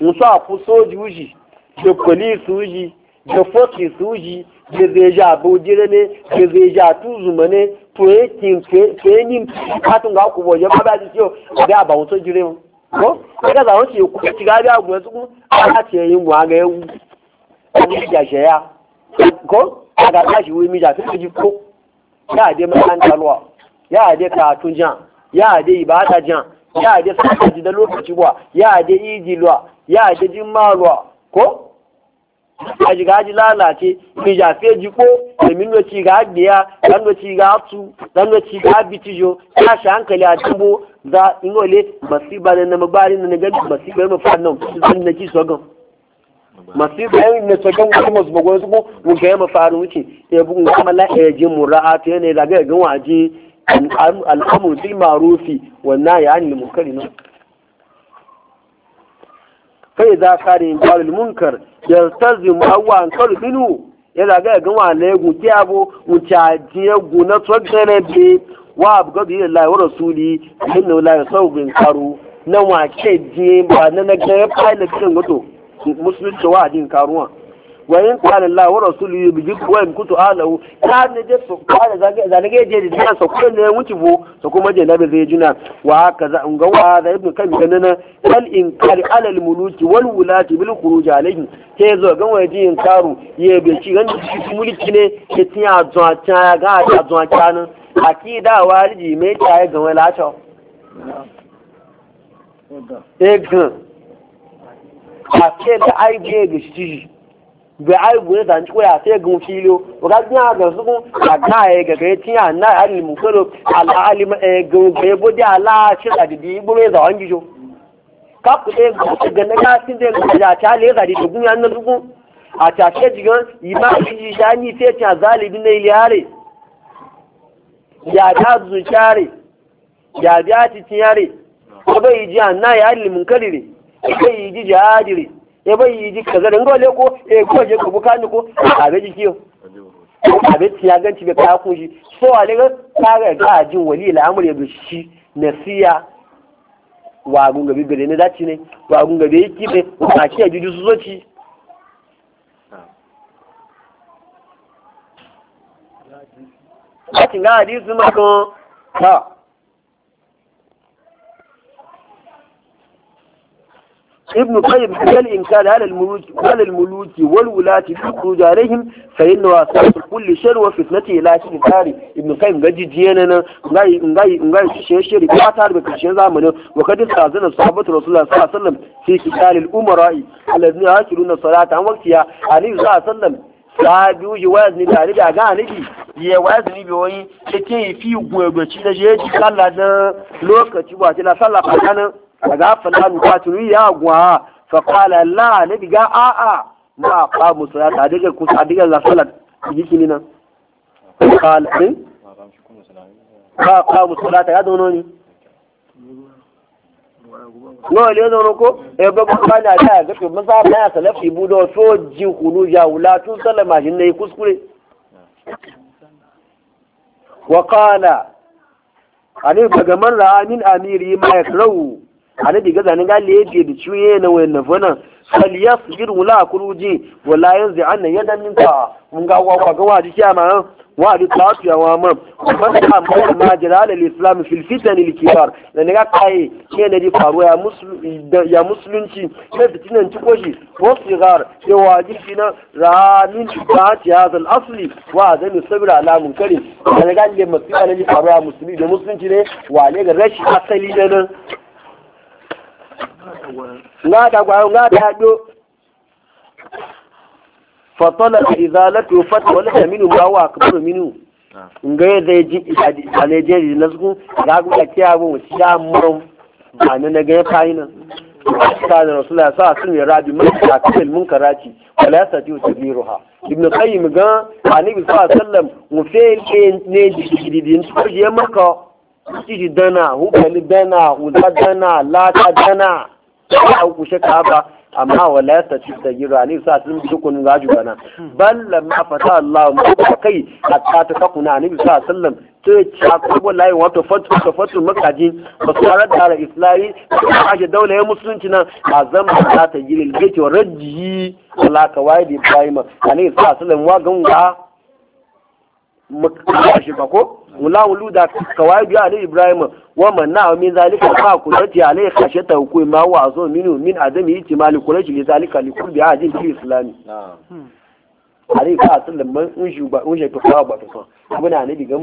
mun so a ku soji wuji da kwali suji da foki suji da zeja abojire ne da zeja tuzuma ne tuyekin katon ga kubo wajen ba ba jikiyo a ga ba wato jire mu ko daga za wani ku ci ga ga buwa su ana ce yin wa ga yau an yi ko a ga wuri mi da su ji ko ya dai man talwa ya dai katun jan ya dai ibada jan ya dai sakaji da lokaci wa ya dai ijilwa ya ma jimmalwa ko aji ga ji lalace mi ja fe ko da min ci ga biya dan ci ga tu dan ci ga bitijo ta shi hankali a dubo za inole masiba ne na mabari na ga masiba ma fa nan sun na ci sogon masiba ne na sogan ko mu zuba su ko mu ga ma faru wuce e bu ga mala e ji mura'atu ne da ga ga waje al'amru bil ma'rufi wa nahy 'anil munkari fa idza qari al munkar yaltazim awwa an minu yana ga ga wa ne gu ti abu ji na to gere bi wa abu bi wa rasuli inna la yasawbin karu na wa ke ji ba na na ga pilot kin goto musulunci wa din karuwa wayin kana Allah wa rasulu yubjid wa in kuntu alahu ka ne je so ka da zage zane ga je da so kuma ne wuce bo so kuma je na zai juna wa kaza in ga wa da ibn kan ganana wal inkari ala al muluki wal wulati bil khuruj alayhi ke zo ga wa ji inkaru ye be ci gan ci mulki ne ke tiya zuwa ta ga ta zuwa ta nan akida waliji me ta ga wani wala ta egan akele aibe ga shi gbe ai goye da ci koya sai gun filo ga gina ga su kun aga e ga ga tiya na ali musoro ala ali e gun gbe bo da ala shi da di bu me da wangi jo ka ku e, e ga na ga sin da ya ta le ga di gun yan na su a ta ce jigan ima ji shani sai ta zalibi ile yare ya ta zu zuciare ya biya ti tiyare ko bai ji na ya ali ko bai ji jahadire ya bai yi jika zarin gole ko e ko je ko bukani ko abe jikiyo abe tiya ganci bai kaya kunshi so a daga kare ga jin wali al'amur ya shi nasiya wa gun gabi gare ne dace ne wa gun be yake ne wa ki ya juju su zoci Ati nga hadisi makon, ha, ابن القيم كالإمكان على الملوك على الملوك والولاة بالخروج عليهم فإنه أساس كل شر وفتنته لا شيء ثاني ابن القيم قد جينا نغاي نغاي نغاي شيء شر باتار بكشين زمانه وقد استأذن صحابة رسول الله صلى الله عليه وسلم في قتال الأمراء الذين يأكلون الصلاة عن وقتها عليه صلى الله عليه وسلم sáájú yìí wáyà ní tàrí àgá àníbì yẹ wáyà sí níbi wọ́nyí kékeré fi gùn ẹgbẹ̀tì lẹ́sẹ̀ é ti sálà náà lókè tí wà á ti la sálà pàdánù. kaga falan qatilu ya gwa fa qala la nabi ga a a ma qamu salata adiga ku adiga la salat yiki ni nan qala din eh? ma qamu salata ya dono ni no le dono ko e ba ko kana da ga to maza ba ya salafi budo so ji hulu ya wula tun salama shin ne kuskure wa qala ani daga man ra'a amin amiri ma ya yakrahu anabi gaza ni ga lebe da ciye na wayan na fana fal yasbir wala kuruji wala yanzi anna yadan min ta mun ga wa ga wa ji kiyama wa di tatu ya wa ma fa ta amma ma jalal al islam fil fitan al kibar da ni ga kai ne ne di faruwa ya musulmi ya musulunci ne fitinan ci koji ko sigar ya wajibi na ramin ta ci ya al asli wa da ni sabira ala munkari da ni ga le masu alali faruwa ya da musulunci ne wa le ga rashin asali ne nan nga da gwayo nga da yado fatala izalatu fat wala taminu ma wa akbaru minu nga zai ji a je na su ga ku da kiyabu mu sha murum ba ne na ga fayina da rasulullah sa sun ya rabi mun ta kafin mun karaci wala ya sati tabiruha ibn qayyim ga sallallahu alaihi wasallam mu fe ne ne ko maka kuci dana hukali dana uza dana lata dana ya kushe ka ba amma wala ta ci da gira ne sa sun bi kun gaju bana bal lamma fata Allah mu kai hatta ta kakuna ne bi sa sallam to ya ko wallahi wato fatu ta fatu makaji ba su harar da islami ta aje daula ya musulunci nan azam ta ta giril gaiti rajji Allah ka wai da Ibrahim sa sallam wa ganga shi ba ko wula wulu da kawai biya ali ibrahim wa man na min zalika fa kulati alai ta hukumi ma wa azu minu min adami yiti mali kulati li zalika li kurbi hadin fil islami ari ka sallan man in shuba in shi tufa ba tufa muna ne digan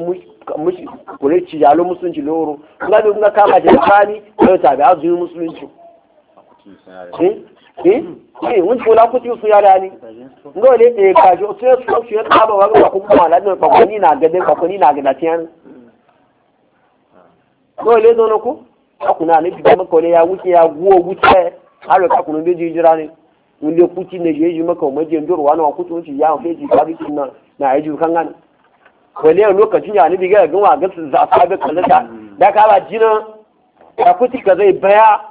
mushi kulati ya yalo musulunci loro ga da kun ga kama da fani sai ta ga azu musulunci eh mun ko la kuti su yara ni ngole e ka jo su su su ya taba wa ko kuma wala ne ko ni na gade ko ni na gada tiyan ngole do no ko na ne bi ma ko le ya wuce ya guwo wuce har ka kunu be jira ne mun le kuti ne je ji maka ma je ndoro wa na kuti wuce ya fe ji ka bi na na ya ji kan gan ko le lokacin ya ni bi ga gan wa ga su za sabe kaza da ka ba jina ka kuti ka zai baya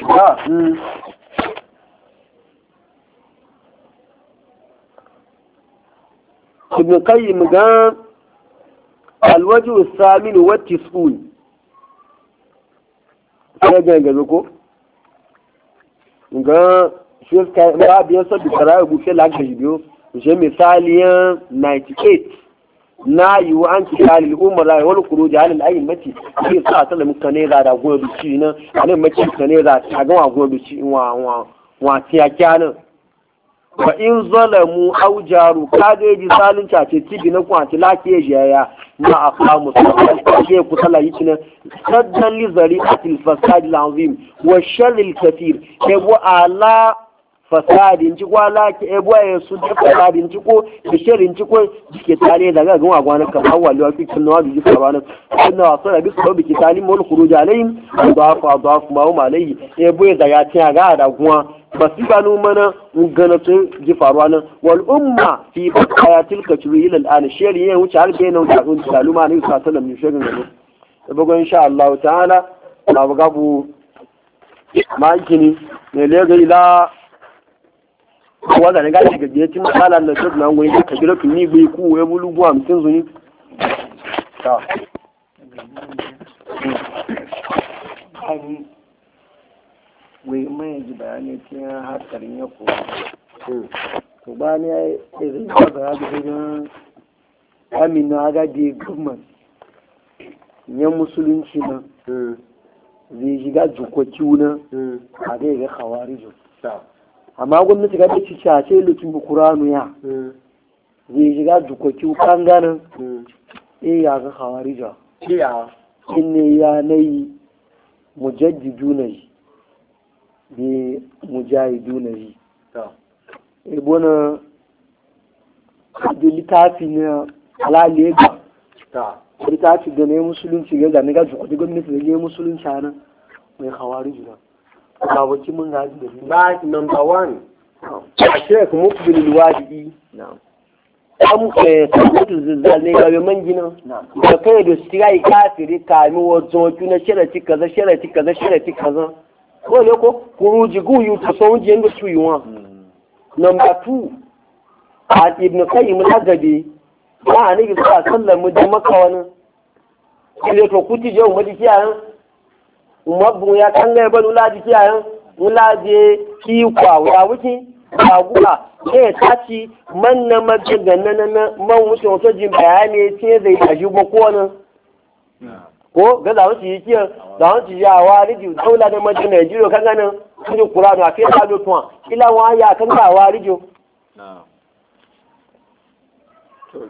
Mm. ibn qayyim ga alwaju samin wa tisun ga ga ko ga shi ka ba biya sabi karayu bu ke la ga biyo je misali 98 na yi wa an kira lil umma la wal khuruj ala al ayyin mati sai sa ta da mutane za da gobe ci nan mace mati mutane za ta ga wa gobe ci wa wa wa tiya kyanan fa in zalamu aw jaru kaga ji salin ta ce tibi na kwa ti lake jaya ma aqamu ke kusa sala yi nan saddan li zari'atil fasad al azim wa sharr al kathir ke wa ala fasadin ci kwa ebuwa ya su da fasadin ci ko da shirin ci ko jike tare da ga gwa gwanan kan awwa liwa fi kin nawa bi fara nan kin nawa sara bi su bi kitali mul khuruj alayhim adafu adafu ma hum alayhi ebuwaye da ya ci ga da Ba su nu mana gana to ji faruwa nan wal umma fi bakaya tilka ciro yi al'an shirin yin wuce har bayanan da kun taluma ne sa sallam ne shirin gaba da bugo insha Allah ta'ala na bugabu ma gini ne lega ila kowa zane gashi ga biya cin matsala da shirk na gwani da kabila tuni ni bai kuwa hmm. ya bulu guwa mutum zuni wai mai ji bayanai cikin hatsarin ya kuwa to ba ne ya yi irin da ba a gaji na amina agadi gudman yan musulunci hmm. na zai shiga hmm. jikoki na a zai ga kawari jikoki amma gwamnati ga ta cica ce lukin bukuranu ya hmm. zai shiga dukwaki kan ganin e ya ga hawarija in ne ya na yi mujaddidu na yi bi mujahidu na yi ebo na da littafi na alaliye ga littafi da na yi musulunci ga ga na ga dukwaki gwamnati da ya yi musulunci a nan mai hawarija abokin mun ga ba number one shek mukbil wadi am kudu eh, zizal ne gabe man gina da kai da sirai kafiri kami wato tuna sharati kaza sharati kaza sharati kaza ko ne ko kuruji guyu ta so su yuwa hmm. number 2 a ibn qayyim al-adabi ne bi mu wani ile to kuti je mu mabun ya kan lai banu laji kiyayen wulaje kiwa wa wuki kwa guka ne eh, ta man na mace ganna na man wuce wato jin bayani ce zai tashi ba ko nan ko ga za wuce yi kiyan za wuce yi daula na kan ta ila wa ya kan to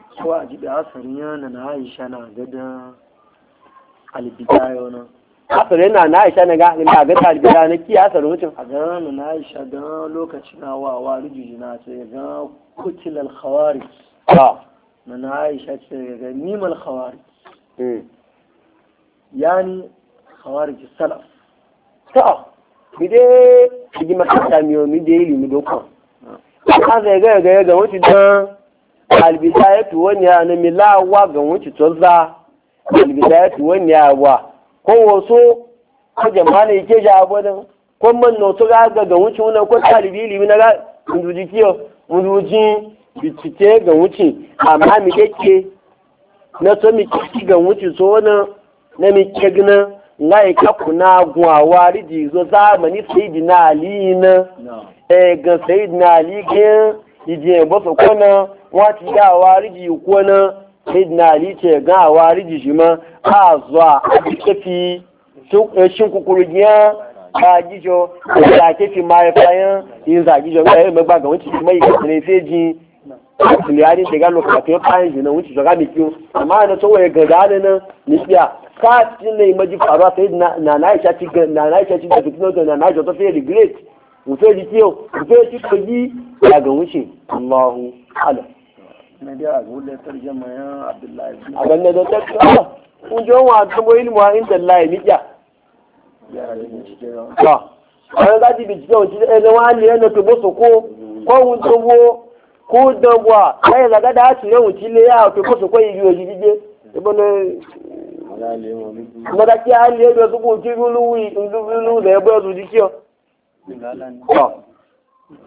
ji da asarin yana na na gada asali yana na aisha na ga ga da na kiya asali wucin a gani na aisha don lokaci na wa wa rijiji na ce ya ga kucin alkhawari ah. na na aisha ce ya ga alkhawari ya ni alkhawari hmm. ki salaf ta mi dai ji ah. ta mi o mi dai ilimi dokon ka zai ga ga ga wuce don albisa ya tuwo ne a na milawa ga wuce tozza albisa ya tuwon ya wa ko wasu ko jama'a yake ja abodin ko man no to ga ga wuce wannan ko talibi libi na ga nduji kiyo nduji bitike ga wuce amma mi na so mi ga wuce so wannan na mi kegna ngai ka gun awari di zo zamani na ali na eh ga na ali ga yije boso kona wati da wariji na. sayyidina ali ce ga wariji shi ma a zuwa a kafi eh, shin kukurugiya ba gijo da kafi mai bayan yin zagijo ga yayin magbaga wuce kuma yi kasance sai ji kuliyari daga lokacin kayan shi na wuce shaga mai kiyo amma na tsawo ya gaza ne nan nishiya ka ci ne maji faruwa sai na na isha ci na na isha ci da fitina da na na isha ta fiye regret mu fiye ji kiyo mu fiye ci kaji daga wuce allahu alam na dai a da tattara ah, kun ji wa tambo ilmu a inda ah, wani za ji bincike eh, wani yana su ko ko kai zaga da ya su yi ibo na eh, hali yadda su ko da ya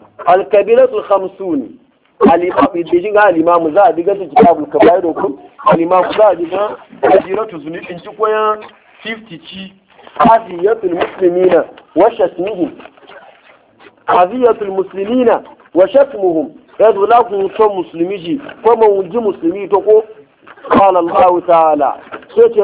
bayar su ah, hamsuni alimamu da shi ga za a diga su kitabul kabairu kun alimamu za a diga ajiratu in ci koyan 50 ci aziyatul muslimina wa shatmihim aziyatul muslimina wa shatmuhum yadda za ku son musulmi ji ko musulmi ta ko قال الله تعالى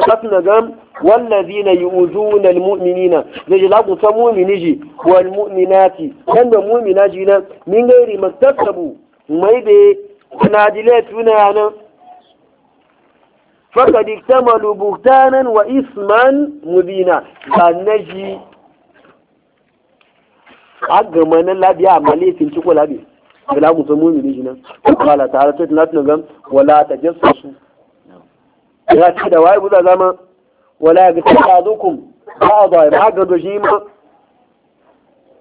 قتنا جم والذين يؤذون المؤمنين لجلاب تمومنجي والمؤمنات كان مؤمناجينا من غير ما اكتسبوا mai da na ji laifina yanan fakad iktamalu buhtanan wa isman mubina ba na ji agama na labiya ma laifin ciko labi bila mutum mumini shi nan kala ta halatta na tunan wala ta jasa su ya ce da waye buza zama wala ya gita ta zukun ba a zai ma ga doshi ma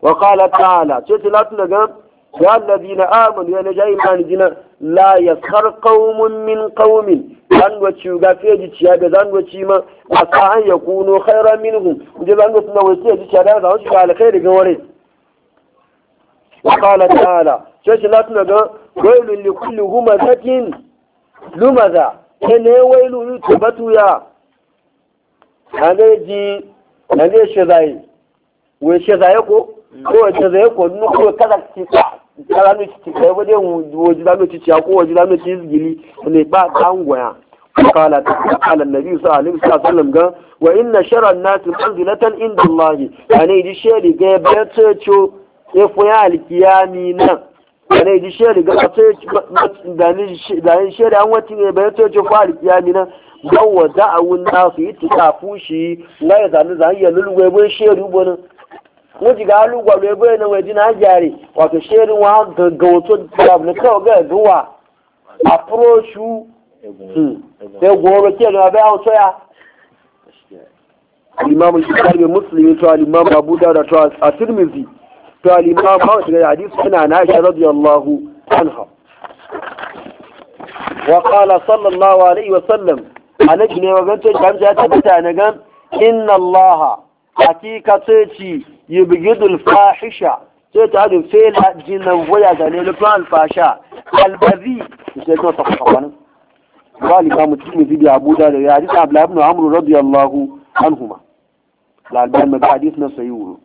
wa kala ta halatta na tunan والذين آمنوا يا نجاي ما نجنا لا يسخر قوم من قوم أن وتشوغا في جتيا بزان وتشيما عسى ان يكونوا خيرا منهم جبان وتنا وتشيا جتيا لا زوج على خير غوري وقال تعالى شاش لا تنجا ويل لكل همزة لمزة كان ويل يتبتو يا هذا يجي هذا شذاي كو kowace zai ko nu ko kada ki ta kala nu ki ta bude woji da nu ki ta ko woji da nu ki zgili ne ba tangoya kala ta kala nabi sallallahu alaihi wasallam ga wa inna sharra an-nas manzilatan inda allahi ane di shedi ga beto cho e foya alkiyami na ane di shedi ga beto da ni da ni shedi an wati ga beto cho fa alkiyami na gawa da'awun nasu yi tuka fushi na ya zanu zanu yalulu gwaibon shehu bonin mo jiga alugwa lo ebe na wedi na ajari wato sherin wa gangan wato da ne kawai ga duwa approach u sai ro ke na bai o ya imam al-bukhari muslim to al-imam abu dawud to at-tirmidhi to al-imam hawa ga hadith suna na aisha radiyallahu anha wa qala sallallahu alaihi wa sallam alaji ne wa ganto da ta tabbata na gan inna allaha hakika sai ce. يبجد الفاحشة تتعد فيلا جنة ويا جنا لبلان فاشا البذي يسيكون صفحة قال إمام الترمذي أبو دار يا يعني حديث عبد الله بن عمرو رضي الله عنهما الألبان ما حديث نفسه يقول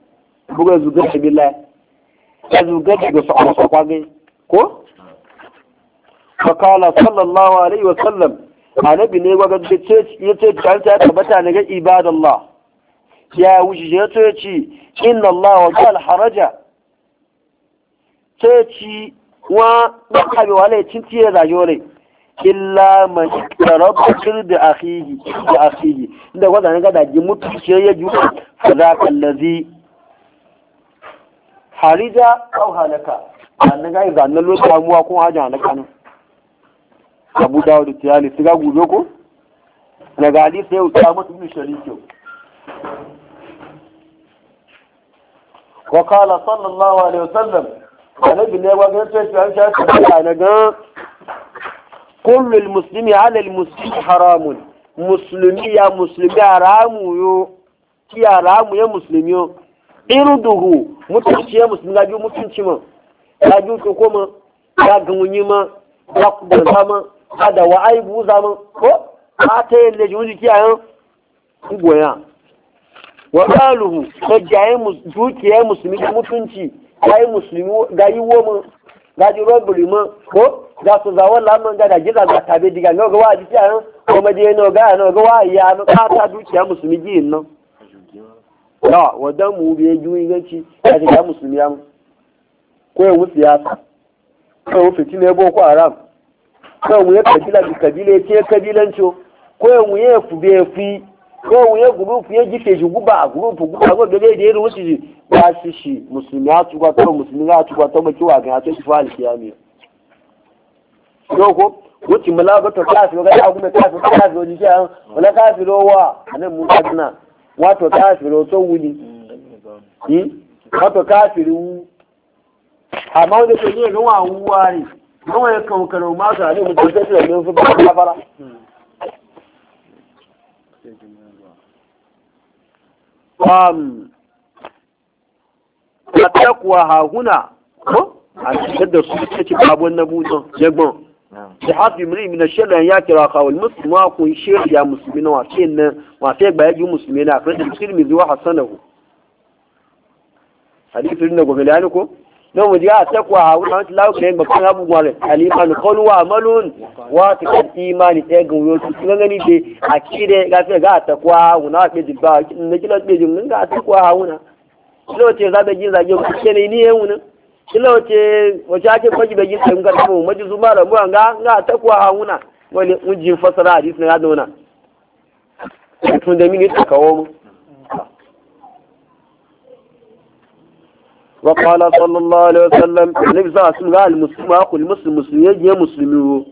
بقى زوجة بالله زوجة بصعب صفحة كو فقال صلى الله عليه وسلم أنا بني وقد بتشيت يتشيت كانت أتبتها نجا إباد الله ya wuce ya to ya ce inna Allah wa jal haraja sai ya ci wa da kabe wala ya tiye da yore illa man tarabbatir da akhihi da akhihi inda kwa zanen gada ji ce ya ji fa za ka lazi harija au halaka annan ga nan lokacin samuwa ko haja halaka nan abu Dawud tiyali siga gube ko daga hadisi ya wuce mutum shari'a wakala sallallahu alaihi wasallam annabi ne wa ganin sai an sha ta na ga kullul muslimi ala al muslimi haramun muslimi ya muslimi haramu yo ki haramu ya muslimi yo irduhu mutunci ya muslimi ga mutunci ma ga ju ko kuma ga gamunyi ma ga kubanza ma ga da wa aibu zama ko ka ta yalle ji wuji kiyayen goya wa aluhu ta jaye dukiyar musulmi da mutunci ga yi musulmi ga yi womin ga ji robbery man ko ga su zawon lamun ga da gida ga tabe diga no ga waji ta yan ko madiye no ga no ga wa ya no ka ta dukiyar musulmi ji yin nan ya wadan mu biye juyi ganci ga ta musulmi ya mu ko ya siyasa ko fitina boko haram ko yan kabila bi kabila ce kabilanci ko yan ya ya fi ko wuye gurupu ye gike ji guba gurupu guba ko gege da irin wuce ji ba shi shi musulmi ya tuba to musulmi ya tuba to maki wa ga to shi fa alkiyami ko wuce malaga to ga ya gume kafi kafi ji ji an wala kafi ro wa anan mun kadna wato kafi ro to wuni yi wato kafi ru amma wanda ke ruwa kuma ya karo ma ne da mun fi um atakwa ha huna ko a cikin da su ci babon na buton jagbon da hafi mri min shirya ya kira kawal musulma kun shirya musulmi na wace nan wace ba yaji musulmi na kan da tirmizi Hassanahu, hasanahu hadithin na gobe ko don mu ji a takwa a wani wani tilawu kayan bakan abubuwa da alimanu wa ma ga wuyo a kire ga fiye ga takwa wuna a kpeji ba na kila ɓejin be takwa a wuna kila ce za ta ji zage ku na ni ya wuna kila ake ga tamu maji zuma da muwa a wuna a ya zauna tun da mini ta وقال صلى الله عليه وسلم النبي صلى الله عليه قال المسلم أخو المسلم يجي مسلم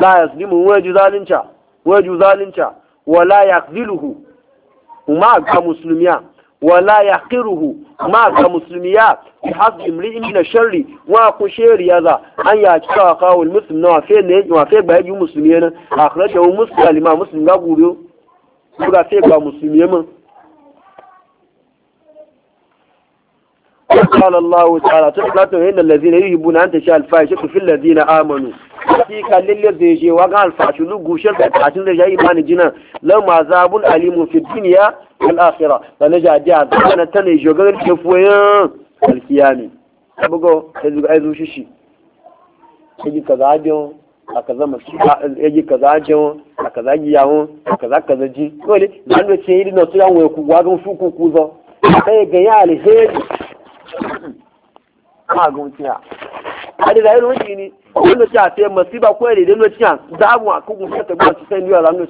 لا يسلمه ويجو ذالنشا ويجو ذالنشا ولا يقذله وما أبقى مسلميا ولا يحقره ما مسلميا بحسب امرئ من الشر واكو شر هذا ان يأتي قاو المسلم نوع في نيج وفي باجي مسلمين اخرجه مسلم الامام مسلم غوريو غا في با مسلمين قال الله تعالى لا ان الذين يحبون ان تشاء الفاحشة في الذين امنوا في كل للذي يجي وقع الفاحشة لو غشر فاحشة جاي ايمان جنا لما عذاب اليم في الدنيا والاخره فنجا جاء أنا تاني جوغل كفويا الكيامي أبقو أزوج أزوج شيء يجي كذا جون akaza mashiga yaji kaza jiwon akaza giyawon akaza kaza ji dole zan da ce yi na tuyan wai ku gwagon fuku kuzo sai ga ya alheri ma gunciya hadi da irin ni wanda ta sai masiba ko da dan wacin da mu a kugun ta ba ci sai ni ala no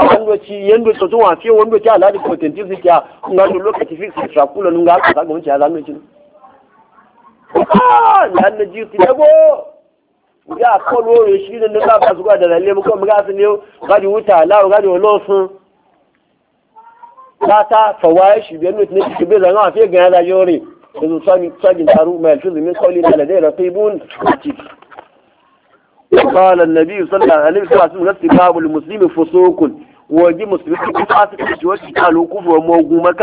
an go ci yendo to to wa wanda ta ala da potenti su ta na lo lokaci fi sa kula nun ga ka gunci ala no ci ah nan da ji ti dago ya ko lo shi da na ba su ga da lalle ko mu ga su ne ga di wuta lawo ga di olosun ta ta fawaye shi bi ne ti be da na fi ga ya da yori yanzu tsagin taru ما يلفظ min قولي da ladai رقيب عتيب وقال النبي صلى الله عليه وسلم استقاب المسلم فسوق waji musulmi ki fasik wa ki kalu kufu mo guma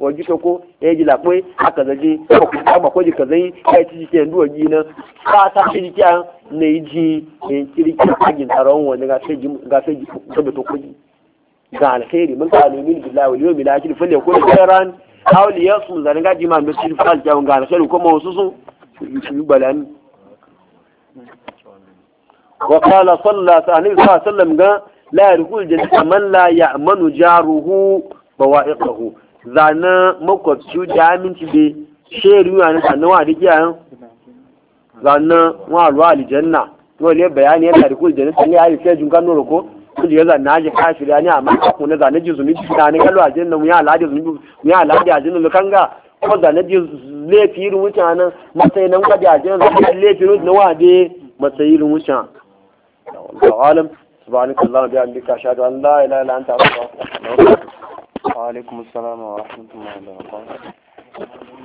waji to ko e ji la aka zaje ko kuma ba ko ka zai kai ti ke ndu waji na ka ta ti ki na yi ji en kiri ki agin taron wani ga sai ji ga sai ji ko ga mun fa ko kawuli ya sun zane gaji ma mai cikin fal jawon gane sai kuma wasu sun yi balani wa kala sallah ta annabi sallallahu alaihi wasallam ga la yarkul jannata man la ya'manu jaruhu bawa'iqahu zana makwabci da aminci be sheru ya ne sanan wa dike yan zana wa alwa aljanna to le bayani ya yarkul jannata ne ayi sai jun kan ko na ji kafir ya ne amma ko na zane ji zumi ji da ne kallo ajin nan ya alaji zumi ya alaji ajin nan kanga ko zane ji lefi mutanen matsayin nan ga ajin nan lefi ru na wade matsayin mutan alam سبحانك اللهم وبحمدك اشهد ان لا اله الا انت استغفرك وعليكم السلام ورحمه الله وبركاته